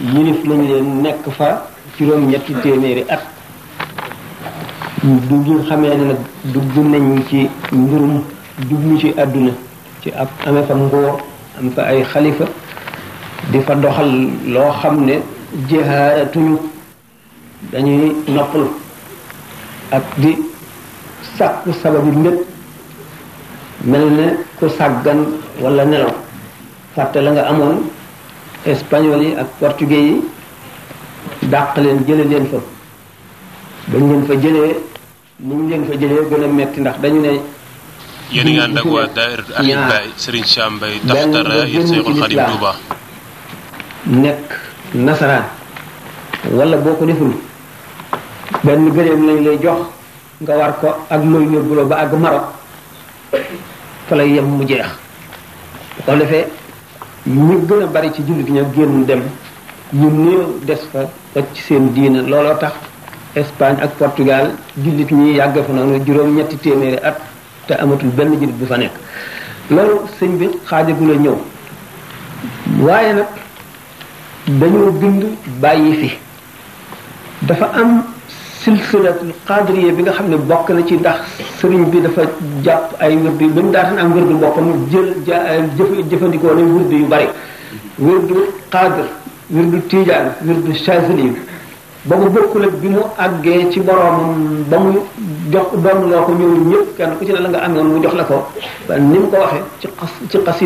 Speaker 2: yilif lañu leen nekk fa juróom-ñetti téeméeri at du ñu xamee ne dugg nañ ci mbirum jublu ci àdduna ci ab amee fa ngóor am fa ay xalifa di fa doxal loo xam ne jihaaratuñu dañuy noppalu ak di sàkku sababu mbépp mel ne ku sàggan wala nelaw fàtte la nga amoon espagnol yi ak portugais yi dàq leen jële leen fa bañ leen fa jëlee ni ñu leen fa jëlee gën a metti ndax dañu ne
Speaker 3: yéen a ngi ànd ak waa daayiratu Ahibaay Serigne Sam Mbaye taxtara yéen Seexul Xadim Touba
Speaker 2: nekk nasaraan wala boo ko deful benn gëléem lañ lay jox nga war ko ak looy yóbbuloo ba àgg Maroc fa lay yem mu jeex bu ko defee ñu gën a bari ci jullit ña génn dem ñu néew des fa wàcc seen diina looloo tax Espagne ak Portugal jullit ñi yàgg fa noonu juróom ñetti téeméeri at te amatul benn jullit bu fa nekk loolu sëñ bi xaajagu la ñëw waaye nag dañoo bind bàyyi fi dafa am silsilatul qadriya bi nga xam ne bokk na ci ndax sëriñ bi dafa jàpp ay wërd yu ba mu daataan am wërdu boppam jël euh, jëf jëfandikoo na wërd yu bari wërdu qadir wërdu tijaan wërdu chazili ba mu bokkul ak bi mu àggee ci boroomam ba mu jox doon ko ñëw ñëpp kenn ku ci la nga amoon mu jox la ko ni mu ko waxee ci xas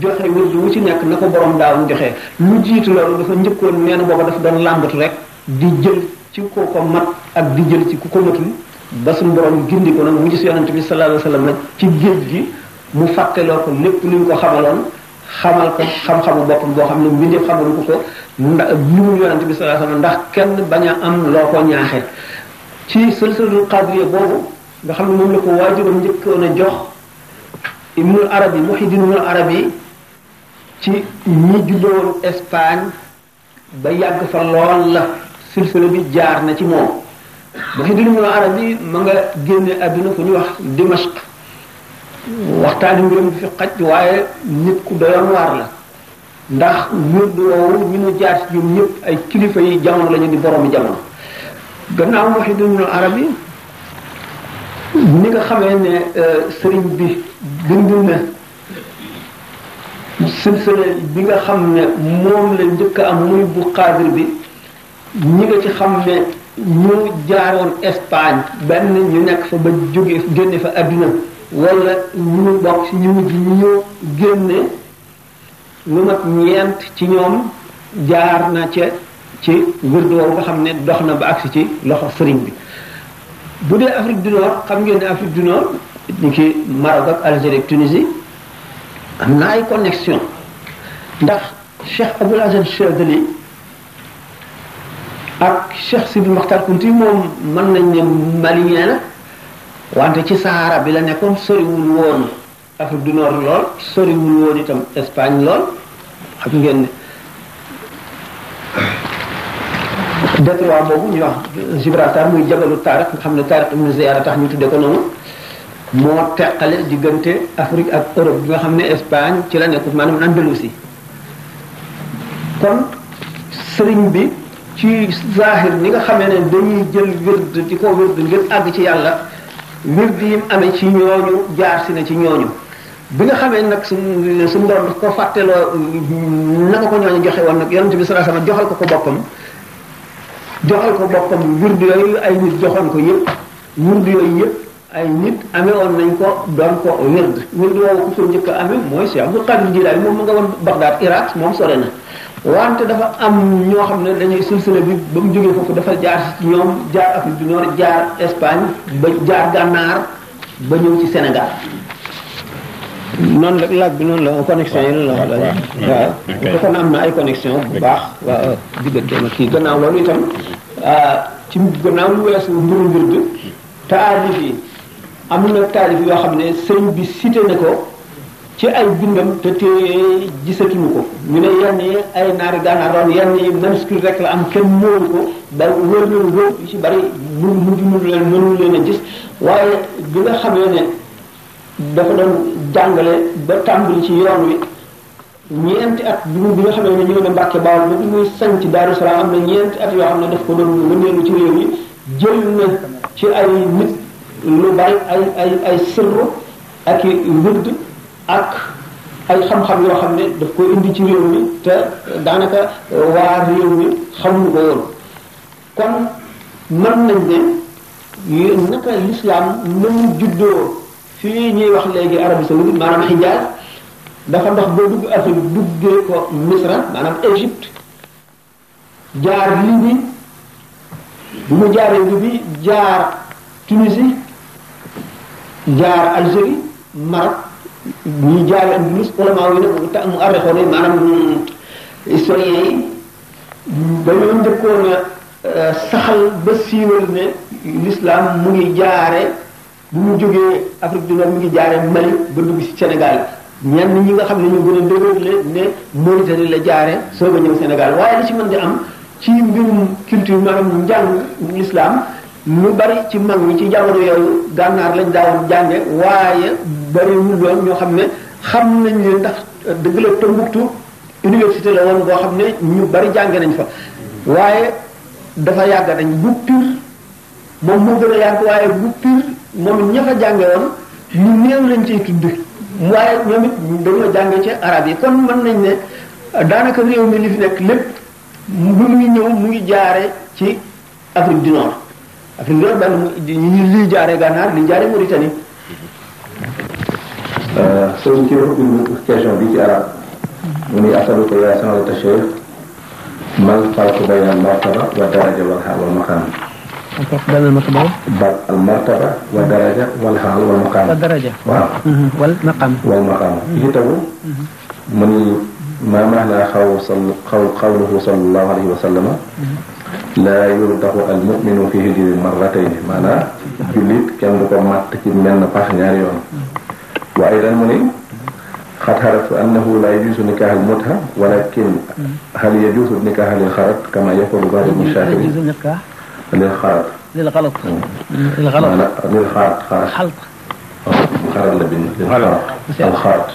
Speaker 2: joxe wërdu wu ci nekk na ko borom daawam joxe lu jiitu loolu dafa njëkkoon nee na booba dafa doon làmbatu rek di jël ci ku ko mat ak di jël ci ku ko matul ba suñu borom gindi ko nag mu gis yonent bi sallallahu alayhi ci géej gi mu fàtteloo ko lépp lu ñu ko xamaloon xamal ko xam-xamu boppam boo xam ne mbindeef xamal ko ko ndax lu bi sallallahu alayhi wasallam ndax kenn bañ a am loo ko ñaaxee ci silsilatul qadiriyya boobu nga xam ne moom la ko waajuram njëkkoon a jox ibnul arabi muhiddin arab yi ci ñi jullewoon Espagne ba yàgg fa lool la silsila bi jaar na ci moom Muhyiddin Ibn Arabi ma nga génne àdduna fu ñuy wax Dimashq waxtaani mbiram bi fi xaj waaye nit ku doyoon waar la ndax wird woowu ñu nu jaar ci ñoom ñëpp ay kilifa yi jamono la ñu di boroomi jamono gannaaw Muhyiddin Ibn Arabi ni nga xamee ne euh, sëriñ bi bind na silsila bi nga xam ne moom la njëkk am muy bu xaadir bi ñi nga ci xam ne ñu jaaroon Espagne benn ñu nekk fa ba jóge génne fa adduna wala ñu bokk ci ñu mujj ñu génne lu mat ñeent ci ñoom jaar na ca ci wirdu woowu nga xam ne dox na ba ci loxo sëriñ bi bu dee Afrique du Nord xam ngeen ne Afrique du Nord ni ki Maroc Algérie ak am ay connexion ndax Cheikh Abdoul Aziz Chadli ak Cheikh Sidi Mokhtar Kounti moom mën nañ ne malien la wante ci saara bi la nekkoon soriwul woon Afrique du Nord lool soriwul woon itam Espagne lool xam ngeen ne détroit boobu ñu wax Gibraltar muy jabalu Taarik nga xam ne Taarik ibn Ziyad tax ñu tudde ko noonu moo teqale diggante Afrique ak Europe bi nga xam ne Espagne ci la nekk maanaam Andalusi kon sëriñ bi ci zahir ni nga xamee ne dañuy jël wird di ko wird ngir àgg ci yàlla wird yi mu amee ci ñooñu jaar si na ci ñooñu bi nga xamee nag su suñ doon ko fàtteloo naka ko ñooñu joxe woon nag yonente bi sallallahu alayhi wasallam joxal ko ko boppam joxal ko boppam wird yooyu ay nit joxoon ko yëpp wird yooyu yëpp ay nit amee woon nañ ko doon ko wird wird woowu fa njëkk a amee mooy Cheikh Abdul Qadir moom mu nga woon Bagdad Iraq moom sore na wante dafa am ñoo xam ne dañuy silsila bi ba mu jógee foofu dafa jaar ci ñoom jaar Afrique du Nord jaar Espagne ba jaar Gànnaar ba ñëw ci Sénégal noonu la laaj bi noonu la connexion la la waaw kon am na ay connexion bu baax waaw diggante ma kii gannaaw loolu itam ah, ci gannaaw lu weesu mbiru mbir bi taarif yi am na taalif yoo xam ne sëriñ bi cité na ko ci ay bindam te téye gisatuñu ko ñu ne yenn yi ay naari gànnaaroon yenn yi manuscrit rek la am kenn mënu ko ba wër nañu wër yu ci bari mu mujj mënu leen mënu leen a gis waaye bi nga xamee ne dafa doon jàngale ba tàmbali ci yoon wi ñeenti at bi bi nga xamee ne ñu ngi dem Mbàkke Bawol ba bi muy am na ñeenti at yoo xam ne daf ko doon wëndeelu ci réew yi jël na ci ay nit lu bari ay ay ay sirru ak i ak ay xam-xam yoo xam ne daf ko indi ci réew mi te daanaka waa réew mi xamuñu ko woon kon mën nañ ne naka lislaam namu juddoo fii ñuy wax léegi Arabie saoudite maanaam Hijaz dafa ndox boo dugg Afrique duggee ko Misra maanaam Égypte jaar Libye bu mu jaaree Libye jaar Tunisie jaar Algérie Maroc ñu jaaree Andalus ulama yi nag ta mu arrêté ne maanaam historiens yi dañoo njëkkoon a euh, saxal ba siiwal ne l'islam mu ngi jaare bu mu jógee Afrique du Nord mu ngi jaare Mali ba dugg ci Sénégal ñenn ñi nga xam ne ñu gën a dëgër ne Mauritanie la jaare soo ba ñëw Sénégal waaye li ci mën di am ci mbirum culture maanaam njàng l'islam lu bari ci mag ñi ci jamono yooyu gànnaar lañ daa jànge waaye bariwul woon ñoo xam ne xam nañ leen ndax dëgg la Tombouctou université la woon boo xam ne ñu bari jànge nañ fa waaye dafa yàgg nañ bu pur moom moo gën a yàgg waaye bu pur moom ña fa jànge woon ñu néew lañ ciy tudd waaye ñoom it dañoo jànge ci araab yi kon mën nañ ne daanaka réew mi li fi nekk lépp bu muy ñëw mu ngi jaare ci Afrique du afin bi daan ñu lii jaaree gànnaar lii jaaree Mauritanie.
Speaker 4: Euh, soo ñu ci wax question bi ci arab mu ni asaluka yaa sanal tashayikh mal farqu bayna al martaba wa daraja wal haal wal maqaam. al farqu bayna al martaba. ba al martaba wa daraja wal haal wal maqaam. wa daraja waaw. Mm-hmm. wal maqaam. wal maqaam mm-hmm. ci tagu.
Speaker 1: Mm-hmm.
Speaker 4: mu ni ma maanaa xaw xaw xawluhu sallallahu alayhi wa sallama laa yurtaxu al muminu fi hijri marratayni maanaam jullit kenn du ko màtt ci menn pax ñaari yoon waaye ren mu ni xat xaratu annahu laa yajuusu nikaaxal mutha walakin hal yajuusu nikaaxal xarat kama yafalu bari mu shaafiri lil xarat lil xalat lil xarat xarat xarat la bind lil xarat al xarat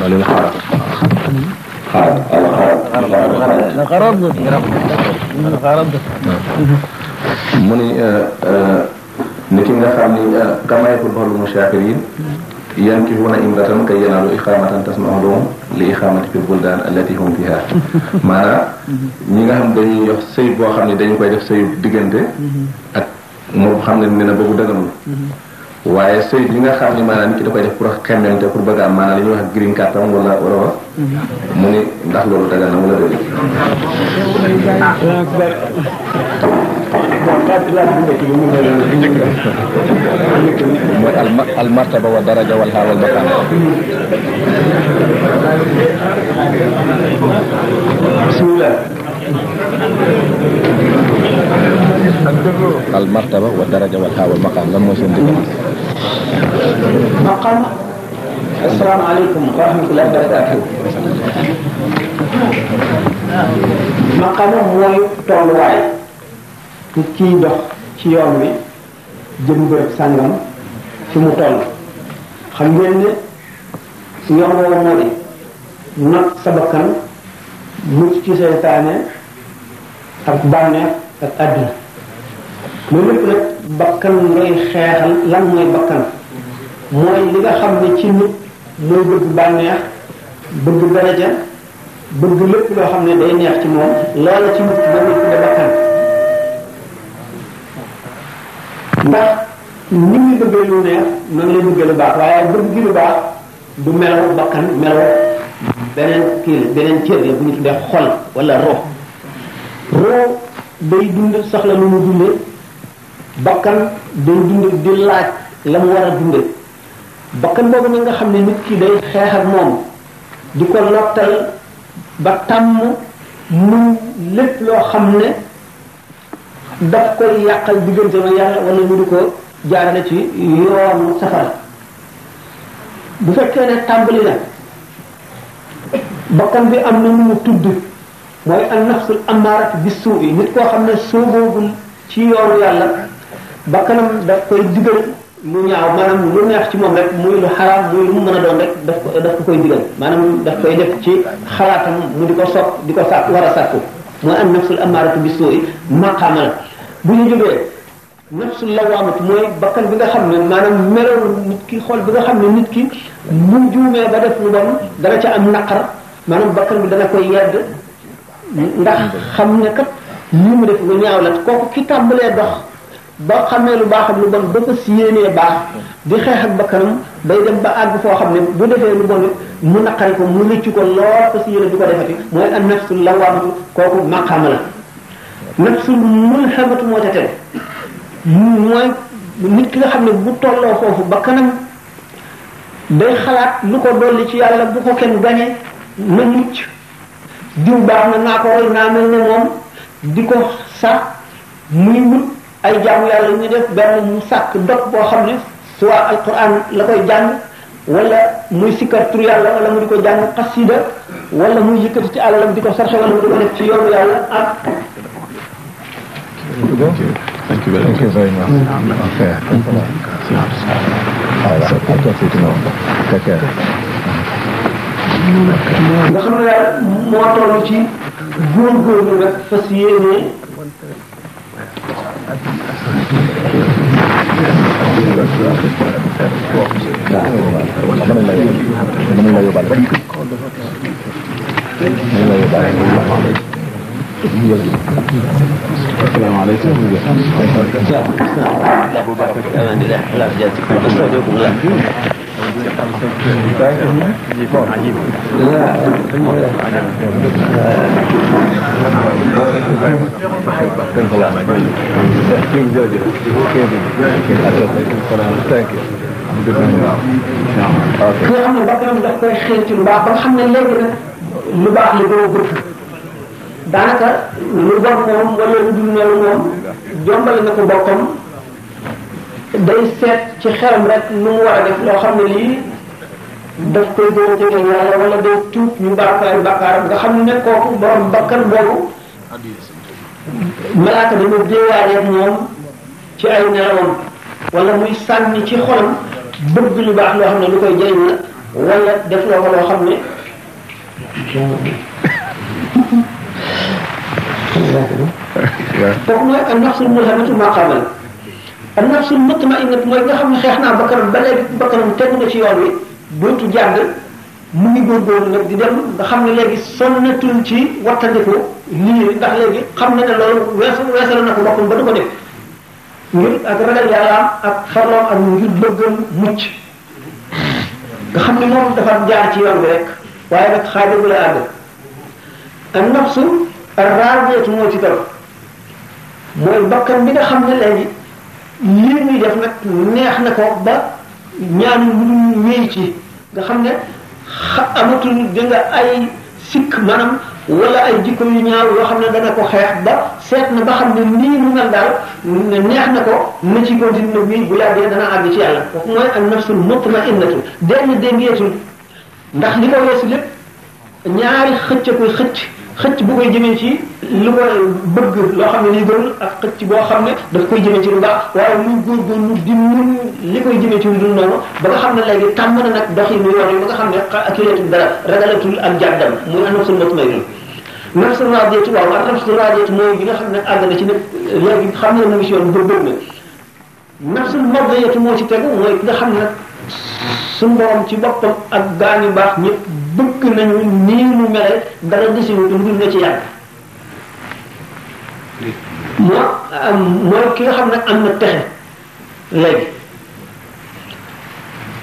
Speaker 4: la lil xarat hmm. خرب الخرب mu ni eh, eh, ni ki nga xam ni kama eh, yakul bahru mushakirin yankihuna imratan kay yanalu iqamatan tasmahu lahum li iqamati fi buldan allati hum fiha maanaam ñi nga xam dañuy yox sëy boo xam ne dañu koy def sëy diggante ak moom xam ne ne na boobu daganul waaye sëy bi nga xam ne maanaam ki da koy def pour xemmante pour bëgg am maanaam li ñuy wax green card tam wala wala mhm. mu ni ndax loolu dagal na wala déedéet. Ah, mooy al martaba wa daraja wal xaal wal maqaam bismillah al martaba wa daraja wal xaawal maqaam lan mooy seen diggante.
Speaker 2: maqaam. asalaamaaleykum wa rahmatullahi wa barakaatu. maqaam mooy tolluwaay. ku ciy dox ci yoon wi jëm bërëb sàngam fi mu toll. xam ngeen ne yoon woowu moo di not sa bakkan mucc ci ak bànneex ak àdduna loolu lépp nag bakkan ngay xeexal lan mooy bakkan mooy li nga xam ne ci nit mooy bëgg bànneex bëgg daraja bëgg lépp loo xam ne day neex ci moom loola ci nit ba nit da bakkan ndax nit ñi bëggee lu neex noonu lay bëggee lu baax waaye bëgg gi lu baax du melawu bakkan melawu beneen kii la beneen cër la bu ñu tuddee xol wala rox roo day dund soxla lu mu dunde bakkan day dund di laaj la mu war a dunde bakkan boobu nag nga xam ne nit ki day xeex moom di ko lottal ba tàmm mun lépp loo xam ne daf koy yàqal diggante ma yàlla wala mu di ko jaarale ci yoonu safara bu fekkee ne tàmbali na bakkan bi am na nu mu tudd mooy an nafsul amaarat bi suu yi nit koo xam ne sóoboogul ci yoonu yàlla ba kanam daf koy digal mu ñaaw maanaam lu neex ci moom rek muy lu xaraam muy lu mu mën a doon rek daf ko daf ko koy digal maanaam daf koy def ci xalaatam mu di ko sopp di ko sàkk war a sàkku mooy an nafsul amaarat bi suu yi maqaama la bu ñu jógee nafsul lawaamatu mooy bakkan bi nga xam ne maanaam meloon nit ki xool bi nga xam ne nit ki mu juumee ba def lu bon dana ca am naqar maanaam bakkan bi dana koy yedd ndax xam ne kat lii mu def lu ñaaw la kooku ki tàmbalee dox ba xamee lu baax ak lu bon ba fas yéenee baax di xeex ak bakkanam day dem ba àgg foo xam ne bu defee lu bon mu naqari ko mu rëcc ko lool fas yéene du ko defati mooy an nafsul lawaamatu kooku maqaama la nafsul mulhamatu moo te teg mooy nit ki nga xam ne bu tolloo foofu bakkanam day xalaat lu ko dolli ci yàlla bu ko kenn gañe na mucc diw baax na naa ko roy naa mel ne moom di ko sax muy wut ay jaamu yàlla ñu def benn mu sàkk dog boo xam ne soit alquran la koy jàng wala muy sikkar tur yàlla wala ko jàng xasida wala muy yëkkati ci àlalam di ko sarxe wala mu di ko def ci yoonu yàlla ak
Speaker 4: Thank you very much.
Speaker 2: nga xam ne moo toll ci góorgóorlu nag fas yéene
Speaker 4: asalaamaaleykum. asalaamaaleykum. xam ne
Speaker 2: bakkanam daf koy xëy ci lu baax ba nga xam ne léegi nag lu baax li gën a bëri daanaka lu bon moom wala lu dul ne moom jombale na ko boppam day seet ci xelam rek lu mu war a def loo xam ne lii daf koy gën a jege yàlla wala day tuub ñu bàkkaari bàkkaaram xam ne kooku borom bakkan boobu malaaka dañu déewaalee ak ñoom ci ay nelawam wala muy sànni ci xolam bëgg lu baax loo xam ne lu koy jëriñ def loo ko loo xam ne kooku mooy an nafsul mulhamatu maqamal ak nafsul mutmainnat mooy nga xam ne xeex naa bakkanam ba léegi bakkanam tegu na ci yoon wi dootu jàng mu ngi góorgóorlu nag di dem nga xam ne léegi sonnatul ci wattandiku lii ndax léegi xam na ne loolu weesu weesal na ko boppam ba du ko def ngir ak ragal yàlla ak farloom ak ngir bëggam mucc nga xam ne moom dafa jaar ci yoon bi rek waaye nag xaajagul a àgg ak nafsu ak raadiyatu moo ci toll mooy bakkan bi nga xam ne léegi lii muy def nag neex na ko ba ñaanu mënuñu wéy ci nga xam ne xa amatul danga ay sikk maanaam wala ay jikko yu ñaaw yoo xam ne dana ko xeex ba seet na ba xam ne nii mu mel daal neex na ko na ci continuer bii bu yàggee dana àgg ci yàlla kooku mooy ak nafsul mutmainnatul denn déngeetul ndax li ko weesu lépp ñaari xëcc a koy xëcc xëcc bu koy jëmee ci lu ma bëgg loo xam ne lii gën ak xëcc boo xam ne daf koy jëmee ci lu baax waaye muy góorgóorlu di mun li koy jëmee ci lu dul noonu ba nga xam ne léegi tàmm na nag dox yi ñu yoon yi ba nga xam ne akileetul dara ragalatul ak jàddam muy anafsul mutmainun nafsul raadiyatu waaw nafsul raadiyatu mooy bi nga xam ne àgg na ci nag léegi xam ne mu ngi si yoon ba bëgg na nafsul mardiyatu moo ci tegu mooy ki nga xam ne nag su borom ci boppam ak gaañu baax ñëpp bëgg nañu nii mu mel dara desiwul lu dul na ci yàgg. moo mooy ki nga xam ne am na texe léegi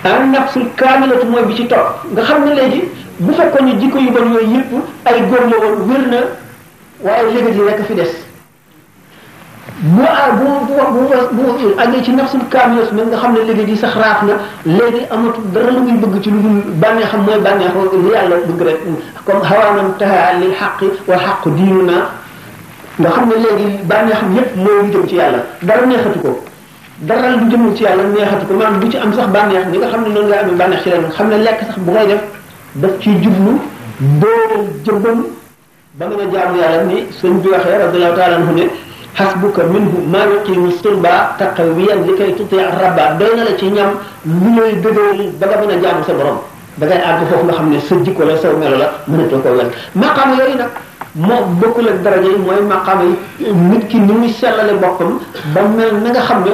Speaker 2: an nafsul kaamilatu mooy bi ci topp nga xam ne léegi bu fekkoon ñu jikko yu bon yooyu yëpp ay góor la woon wér na waaye léegi di rekk fi des. mu ah bu bu bu bu àggee ci nafsul kaamil nag nga xam ne léegi di sax raaf na léegi amatul dara lu muy bëgg ci lu dul bànneexam mooy bànneexam li yàlla bëgg rek comme xawaanam taha lil xaq wa xaq diinu na nga xam ne léegi bànneexam yépp mooy lu jëm ci yàlla dara neexatu ko dara lu jëmul ci yàlla neexatu ko maanaam du ci am sax bànneex ñi nga xam ne noonu nga amee bànneex ci leen xam ne lekk sax bu koy def daf ciy jublu doo jëmbam ba mën a jaamu yàlla ni sëñ bi waxee radiyallahu taala anhu ne xasbuka minhu maa yuqimu sulba taqawiyan li koy tuti rabba doy na la ci ñam lu lay dëgëral ba nga mën a jaamu sa borom da ngay àgg foofu nga xam ne sa jikko la saw melo la mënatoo koo wel maqaama yooyu nag moom bokkul ak daraja yi mooy maqaama yi nit ki ni muy sellale boppam ba mel na nga xam ne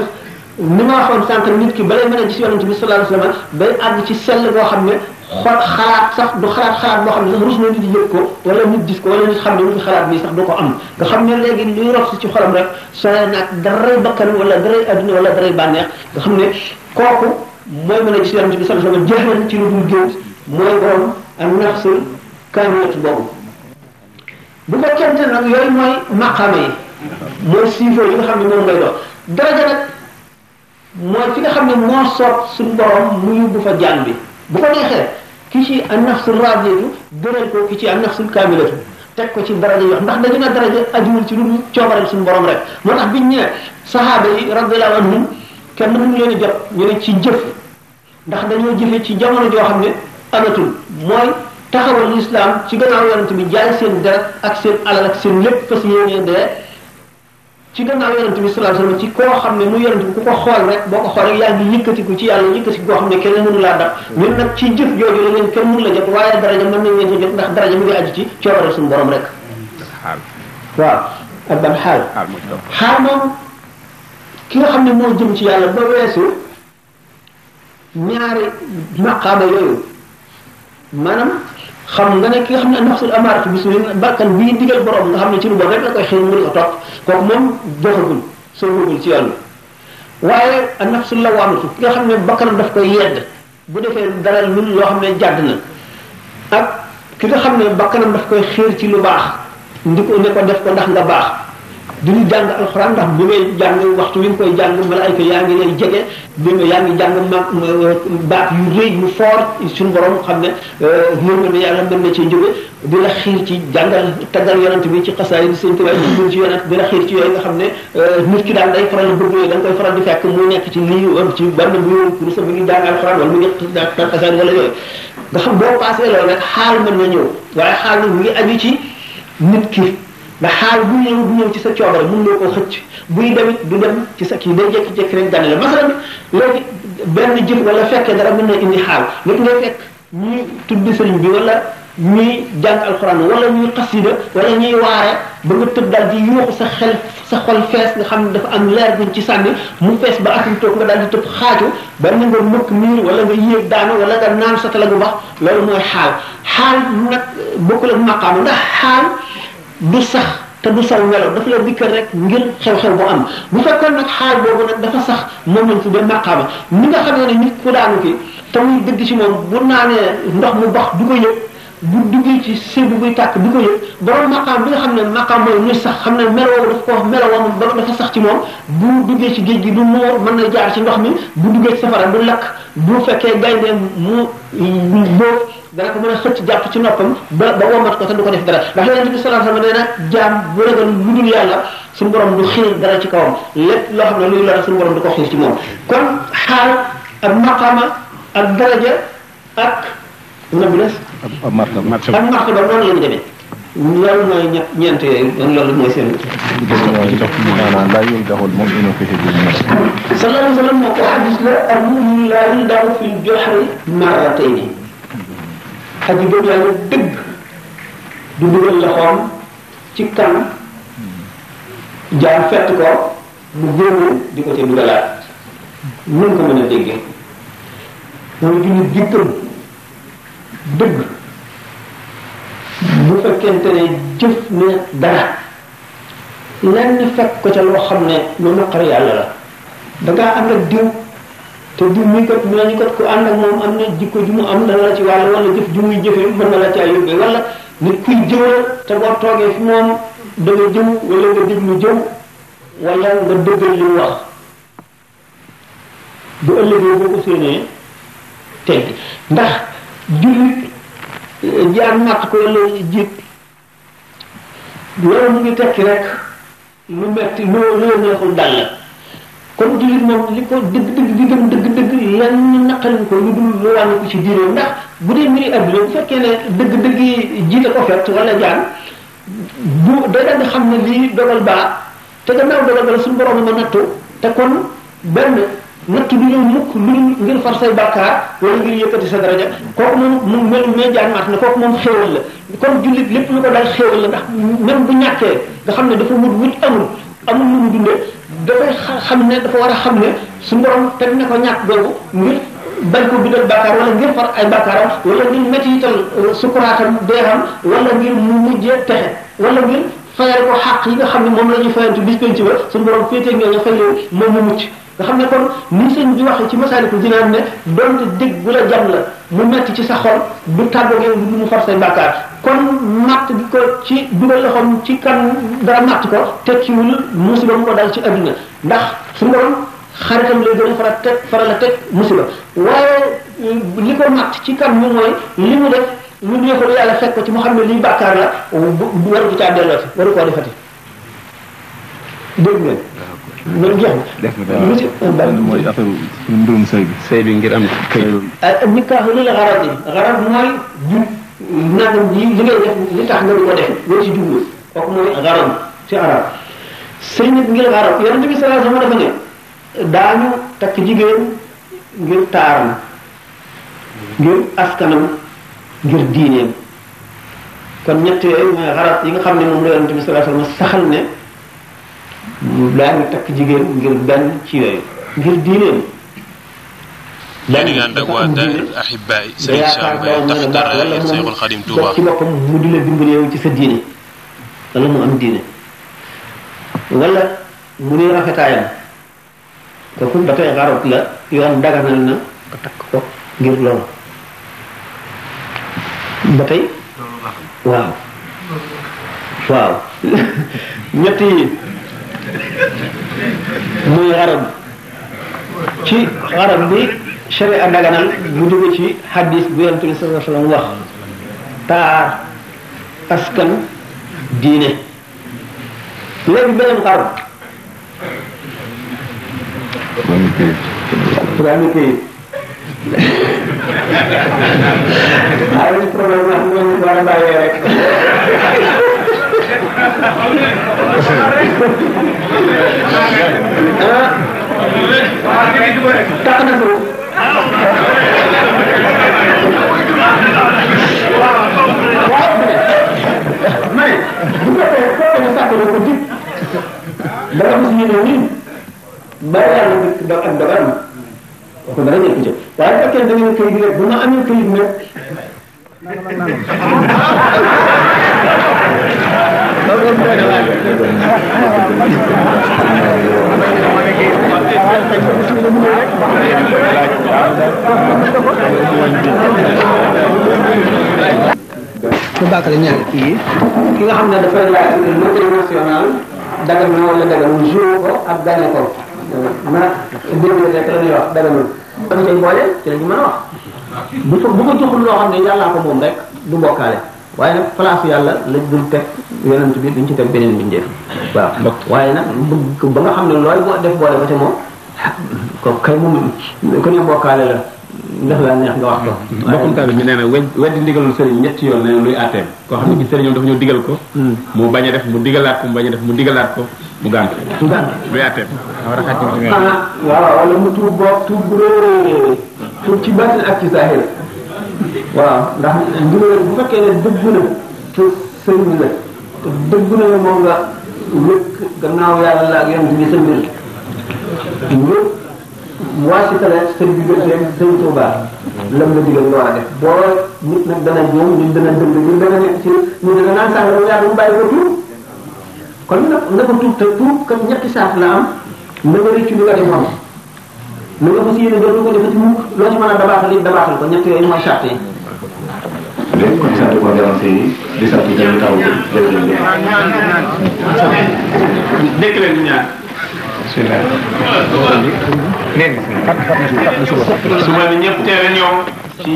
Speaker 2: ni ma waxoon sànq nit ki balay mën a gis yonente bi sallallahu alayhi wasallam day àgg ci sell boo xam ne kon xalaat sax du xalaat xalaat boo xam ne sax rus na nit di yëg ko wala nit gis ko wala nit xam ne lu fi xalaat bi sax du ko am nga xam ne léegi luy rof si ci xolam rek sore naag daray bakkan wala daray adduna wala daray bànneex nga xam ne kooku mooy mën a gis yonent bi sallallahu alayhi wasallam jeexal na ci lu dul gént mooy borom ak nafsul kaamilatu boobu bu ko kente nag yooyu mooy maqaama yi mooy siifoo yi nga xam ne moom ngay dox daraja nag mooy fi nga xam ne moo soog suñu borom mu yóbbu fa jaan bi bu ko neexee ki ci an-nafsul raadiyatu gënal ko ki ci an-nafsul kaamilatu teg ko ci daraja yoo ndax dañu ne daraja ajuwul ci lu mu coobareel suñu borom rek moo tax biñ ne sahaaba yi radiyallahu anhum kenn mënuñu leen a jot ñu ne ci jëf ndax dañoo jëfee ci jamono joo xam ne amatul mooy taxawal islam ci gannaaw yonent bi jaay seen deret ak seen alal ak seen lépp fas yéenee dee ci gannaaw yonent bi sallallahu alayhi wasallam ci koo xam ne mu yonent bi ku ko xool rek boo ko xool rek yaa ngi yëkkatiku ci yàlla yëkkatiku koo xam ne kenn mënu laa dab mm. ñun nag ci jëf jooju la leen kenn mënu la jot waaye daraja mën nañ leen jot ndax daraja mu ngi aju ci coobare suñu borom rek waaw ak ban xaal xaal moom ki nga xam ne moo jëm ci yàlla ba weesu ñaari maqaama xam nga ne ki nga xam ne nafsul amaaratu bi suu'in bakkan bii digal borom nga xam ne ci lu bon rek la koy xëy mu di ko topp kooku moom doxagul soogagul ci yoon bi waaye nafsul lawaamatu ki nga xam ne bakkanam daf koy yedd bu defee dara lu loo xam ne jàdd na ki nga xam ne bakkanam daf koy xiir ci lu baax ndi ko ne ko def ko ndax nga baax duñu jàng alxuraan ndax bi ngay jàng waxtu wi nga koy jàng malaayka yaa ngi lay jege bi nga yaa ngi jàng ma baat yu rëy yu foor suñu borom xam ne euh, mën na yàlla mën na ci jóge di la xiir ci jàngal taggal yonent bi ci xasaay bi sëñ tubaab ci ci yonent di la xiir ci yooyu nga xam ne euh, nit ki daal day faral bëgg yooyu da nga koy faral di fekk mu nekk ci lii am ci benn bu ñu pour sa mu ngi jàng alxuraan wala mu ngi xasaay wala yooyu nga xam boo passé loolu rek xaal mën na ñëw waaye xaal nag mu ngi aju ci nit ki ndax xaal bu ñëw bu ñëw ci sa coobare mën loo koo xëcc buy demit du dem ci sa kii day jékki-jékki rek gànne la masalan léegi benn jëf wala dara mën na indi xaal léegi ngay fekk ñuy tudd sëriñ bi wala ñuy jàng alxuraan wala ñuy xasida wala ñuy waare ba nga tëb daal di yuuxu sa xel sa xol fees nga xam ne dafa am leer buñ ci sànni mu fees ba atum toog nga daal di tëb xaaju ba na nga mëkk miir wala nga yéeg daanu wala nga naan satala bu baax loolu mooy xaal xaal nag bokkul ak maqaama ndax xaal du sax te du sol welo dafa la dikkal rek ngir xew-xew bu am bu fekkoon nag xaal boobu nag dafa sax moom lañ tuddee maqaama ni nga xamee ne nit ku daanu ki te muy dëgg ci ndox mu bax du ko yëg bu duggee ci séddu buy tàkk du ko yëg borom maqaam bi nga xam ne maqaam mooy muy sax xam ne meloo daf ko meloo moom ba dafa sax ci moom bu duggee ci géej gi du moor mën na jaar ci ndox mi bu duggee ci safara du lakk bu fekkee gaynde mu lóof dana ko mën a xëcc jàpp ci noppam ba ba wombat ko te du ko def dara ndax yonent bi sallallahu alayhi wa sallam nee na jaam bu ragal lu dul yàlla suñu borom du xiir dara ci kawam lépp loo xam ne luy lor suñu borom du ko xiir ci moom kon xaal ak maqama ak daraja ak na bu des ak martaba ak martaba noonu la ñu demee loolu mooy ñett ñeent
Speaker 4: yooyu loolu mooy seen. maanaam laa yuldaxul muminu fihi bil marra.
Speaker 2: sallallahu alayhi wa sallam moo ko xadis la al mumin laa yuldaxu fi l joxri marratayni xaj yi gëm yàlla dëgg du dugal loxoom ci kan jaam fett ko mu génn di ko ca dugalaat nun ko mën a déggee mooy jullit bi gëm dëgg bu fekkente jëf na dara lenn fekk ko ca loo xam ne lu naqar yàlla la da am na diw te du muy kat ñooñu kat ku ànd ak moom am na jikko ju mu am dana la ci wàll wala jëf ju muy jëfee mën na la caa yóbbee wala nit kuy jëwal te boo toogee fi moom da nga jëw wala jëw wala nga dëggal li mu wax bu ëllëgee boo ko séenee tey ndax jullit eh, jaar matt ko wala jiit loolu mu ngi tekki rek lu metti loo loo neexul dal la kon jullit moom li ko dëgg dëgg di gëm dëgg dëgg lan naqalin ko lu dul lu wàññi ko ci diine ndax bu dee mbiri adduna fekkee dëgg dëgg yi jiite ko fet wala jaan bu day daal di xam ne lii dogal baa te gannaaw dogal bala suñu borom ma nattu te kon benn natt bi ñëw mukk lu ngir far say bàkkaar wala ngir yëkkati sa daraja kooku moom mu mel mais jaan maat na kooku moom xéewal la kon jullit lépp lu ko dal xéewal la ndax même bu ñàkkee nga xam ne dafa mut wut amul amul lu mu dundee dafay xam ne dafa war a xam ne su borom teg ne ko ñàkk googu ngir bañ ko bindal bàkkaar wala ngir far ay bàkkaaram wala ngir métiital euh, sukuraatam deexam wala ngir mu mujjee texe wala ngir fayal ko xàq yi nga xam ne moom la ñuy fayantu bis penc ba suñu borom féetee ngeen nga fay leen moom mu mucc nga xam ne kon ni sëñ bi waxee ci masaalikul jinaan ne donte dégg bu la jam la mu metti ci sa xol du tàggoog yow du mu forcé bàkkaar kon matt bi ko ci dugal loxoom ci kan dara matt ko tekkiwul musiba mu ko dal ci adduna ndax suñu borom xaritam lay gën a fara teg fara la teg musiba waaye euh, li ko matt ci kan mu mooy li mu def lu neexul yàlla fekk ko ci mu xam ne lii bàkkaar la waru ko caa delloo waru koo defati
Speaker 4: dégg ngeen loolu jeex na. def
Speaker 2: na mooy
Speaker 3: bi. sëy bi ngir am kay.
Speaker 2: ni ka li la xaral mooy jub nagam ji li ngay def li tax nga du ko def loolu mooy xaral si arab sëy ngir xaral yonente bi sallallahu alayhi wasallam dafa ne daañu takk jigéen ngir taaram ngir askanam ngir diineem kon ñett yooyu mooy xaral yi nga xam ne moom la yonente bi sallallahu alayhi wasallam saxal ne. laa ngi takk jigéen ngir benn ci yooyu ngir diineem
Speaker 3: léegi nag waa Ahibaay Sëriñ Sam Mbaye tax dara Seexul Xadim Tuuba ci
Speaker 2: boppam mu la dimbali yow ci sa diine diine wala mu ne rafetaayam kooku ba tey xarot la yoon daganal na nga takk ko ngir loolu ba tey waaw waaw ñett muy xaram ci xaram bi sharia daganal mu jóge ci hadis bu yonent bi sallallahu alayhi wasallam wax taar askan diine léegi beneen xaram
Speaker 4: puraani kayit
Speaker 1: ay problème wax nga ñu war a bàyyee rek takk na ko
Speaker 3: may bu ko defee
Speaker 2: foo ko sàkk ko ci da nga gis ñu ne nii ba yàlla nit da ak dabar mi waxu dara nekk ci waaye bu fekkee da ngeen këyit rek bu ma amee këyit nag bu bàkkale ñaari kii ki nga xam ne dafay laaj loterie nationale dagal na wala dagal joué ko ak gagné ko ma déggee rek la ñuy wax dagalul dañ koy boole ci la ñu wax bu ko loo xam ne yàllaa ko moom du bokkaale waaye nag place yàlla lañ dul teg yonent bi duñ ci teg beneen bindéef waaw waaye nag bëgg ba nga xam ne lool boo def boole ba te moom
Speaker 3: ko kay moom ko ne bokkaale la ndax la neex nga wax ko mbokkum bi mi nee na weddi ndigalul sëriñ ñetti yoon nee na luy atteem ko xam ne gi sëriñam dafa ñëw digal ko mu bañ a def mu digalaat ko mu bañ a def mu digalaat ko mu gànt luy atteem waaw
Speaker 2: wala mu tuub boog tuub bu tuub ci baatin ak ci saahir waaw ndax ndigal bu fekkee ne dëgg na ci sëñ bi la te dëgg moom la ak yonent bi sa mbir ngir waasitale leen sëñ Tuuba lam la digal nga war a def boo nit nag dana ñëw nit dana dëgg nit dana nekk ci nit dana naan sàngara ko tuub kon nag na ko tuub te tuub kat ñetti saaf la am na nga rëccu li nga na nga fas yéene dootu ko defati mukk loo ci mën a dabaaxal it dabaaxal ko ñett yooyu
Speaker 4: léegi kon sant conférence yi di sant jënd taw bi jërëjëf jërëjëf.
Speaker 3: dëkk leen ñaar. bisimilah. léegi suba bi ñëpp teel a ñëw ci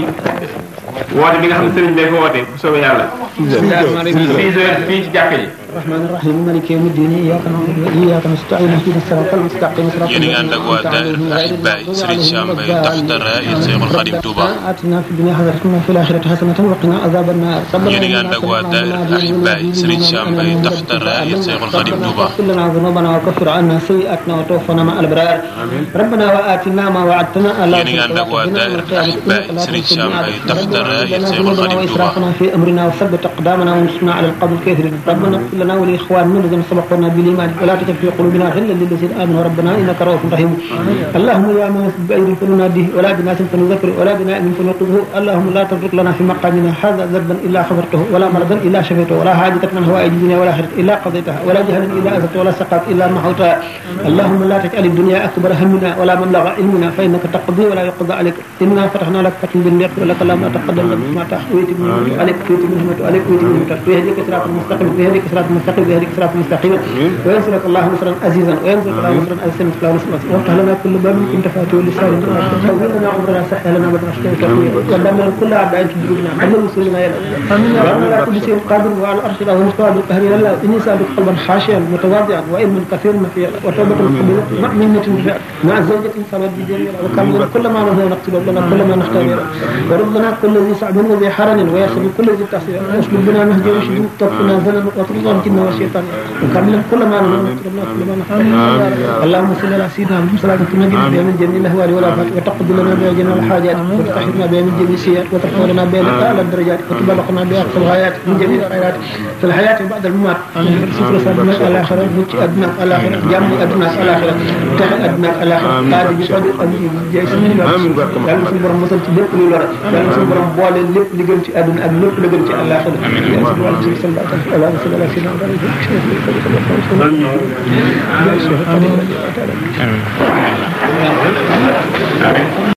Speaker 3: woote bi nga xam ne sëriñ bi ko woote bu soobee yàlla. 6 heures 6 heures fii ci jàkka ji.
Speaker 1: rahmaani
Speaker 2: rahiim maliki yawmi diin iyyaaka na'budu wa iyyaaka nasta'iin ihdinas siraatal mustaqiim yéen a ngi ànd ak waa Daahira Ahibaa'i Serigne Sam Mbaye taxta raa'il
Speaker 3: Seexul
Speaker 2: Xadiim Touba. yéen a ngi ànd ak waa Daahira Ahibaa'i Serigne Sam Mbaye taxta
Speaker 3: raa'il Seexul Xadiim Touba.
Speaker 2: yéen a ngi ànd ak waa Daahira Ahibaa'i Serigne Sam Mbaye taxta raa'il Seexul Xadiim Touba. ربنا ولإخواننا الذين سبقونا بالإيمان ولا تجعل في قلوبنا غلا للذين آمنوا ربنا إنك رؤوف رحيم اللهم يا من بأمر فنناديه ولا بناس فنذكر ولا بناء فنطلبه اللهم لا تترك لنا في مقامنا هذا ذنبا إلا خبرته ولا مرضا إلا شفيته ولا حاجة من هوائج الدنيا ولا حرج إلا قضيتها ولا جهلا إلا أزلت ولا سقط إلا محوتها اللهم لا تجعل الدنيا أكبر همنا ولا مبلغ علمنا فإنك تقضي ولا يقضى عليك إنا فتحنا لك فتحا بالنعم ولك اللهم تقدم لك ما تحويت منه عليك تويت منه عليك تويت منه في هذه صراط المستقيم في هذه صراط مستقيم يهديك صراط مستقيما وينصرك الله نصرا عزيزا وينصرك الله نصرا عزيزا مثل نصر وافتح لنا كل باب من كنت فاته لسان طول لنا عمرنا سهل لنا بدر اشترك ودمر كل اعداء تجربنا عمل مسلمنا يا امين على كل شيء قادر وعلى ارض الله المستوى بالقهر يا الله اني سالك قلبا خاشعا متواضعا وعلما كثيرا في وتوبه قبيله مؤمنه مع زوجة سبب جميلا وكمل كل ما نهى نقتل لنا كل ما نختار وربنا كل ذي صعب وذي حرن ويسر كل ذي تحصيل اسلوب بنا نهجر وشد تقنا زلل وطرنا الجن والشيطان وكامل كل ما نعلم كل ما نحن اللهم صل على سيدنا محمد صلى الله عليه وسلم بهم الجن الاهوال والافات وتقض لنا بها جميع الحاجات وتحفظنا بهم الجن السيئات وترفع لنا بها اعلى الدرجات وتبلغنا بها اقصى الغايات من جميع الخيرات في الحياه وبعد الممات سفر سادنا الاخره موت ادناك الاخره جام ادناك الاخره تخل ادناك الاخره قاعد بصدر جاي سمين yàlla suñu borom mosal ci lépp lu lor yàlla suñu borom boole lépp li gën ci àdduna ak lépp li gën ci àllaaxira
Speaker 1: Amin. Amin.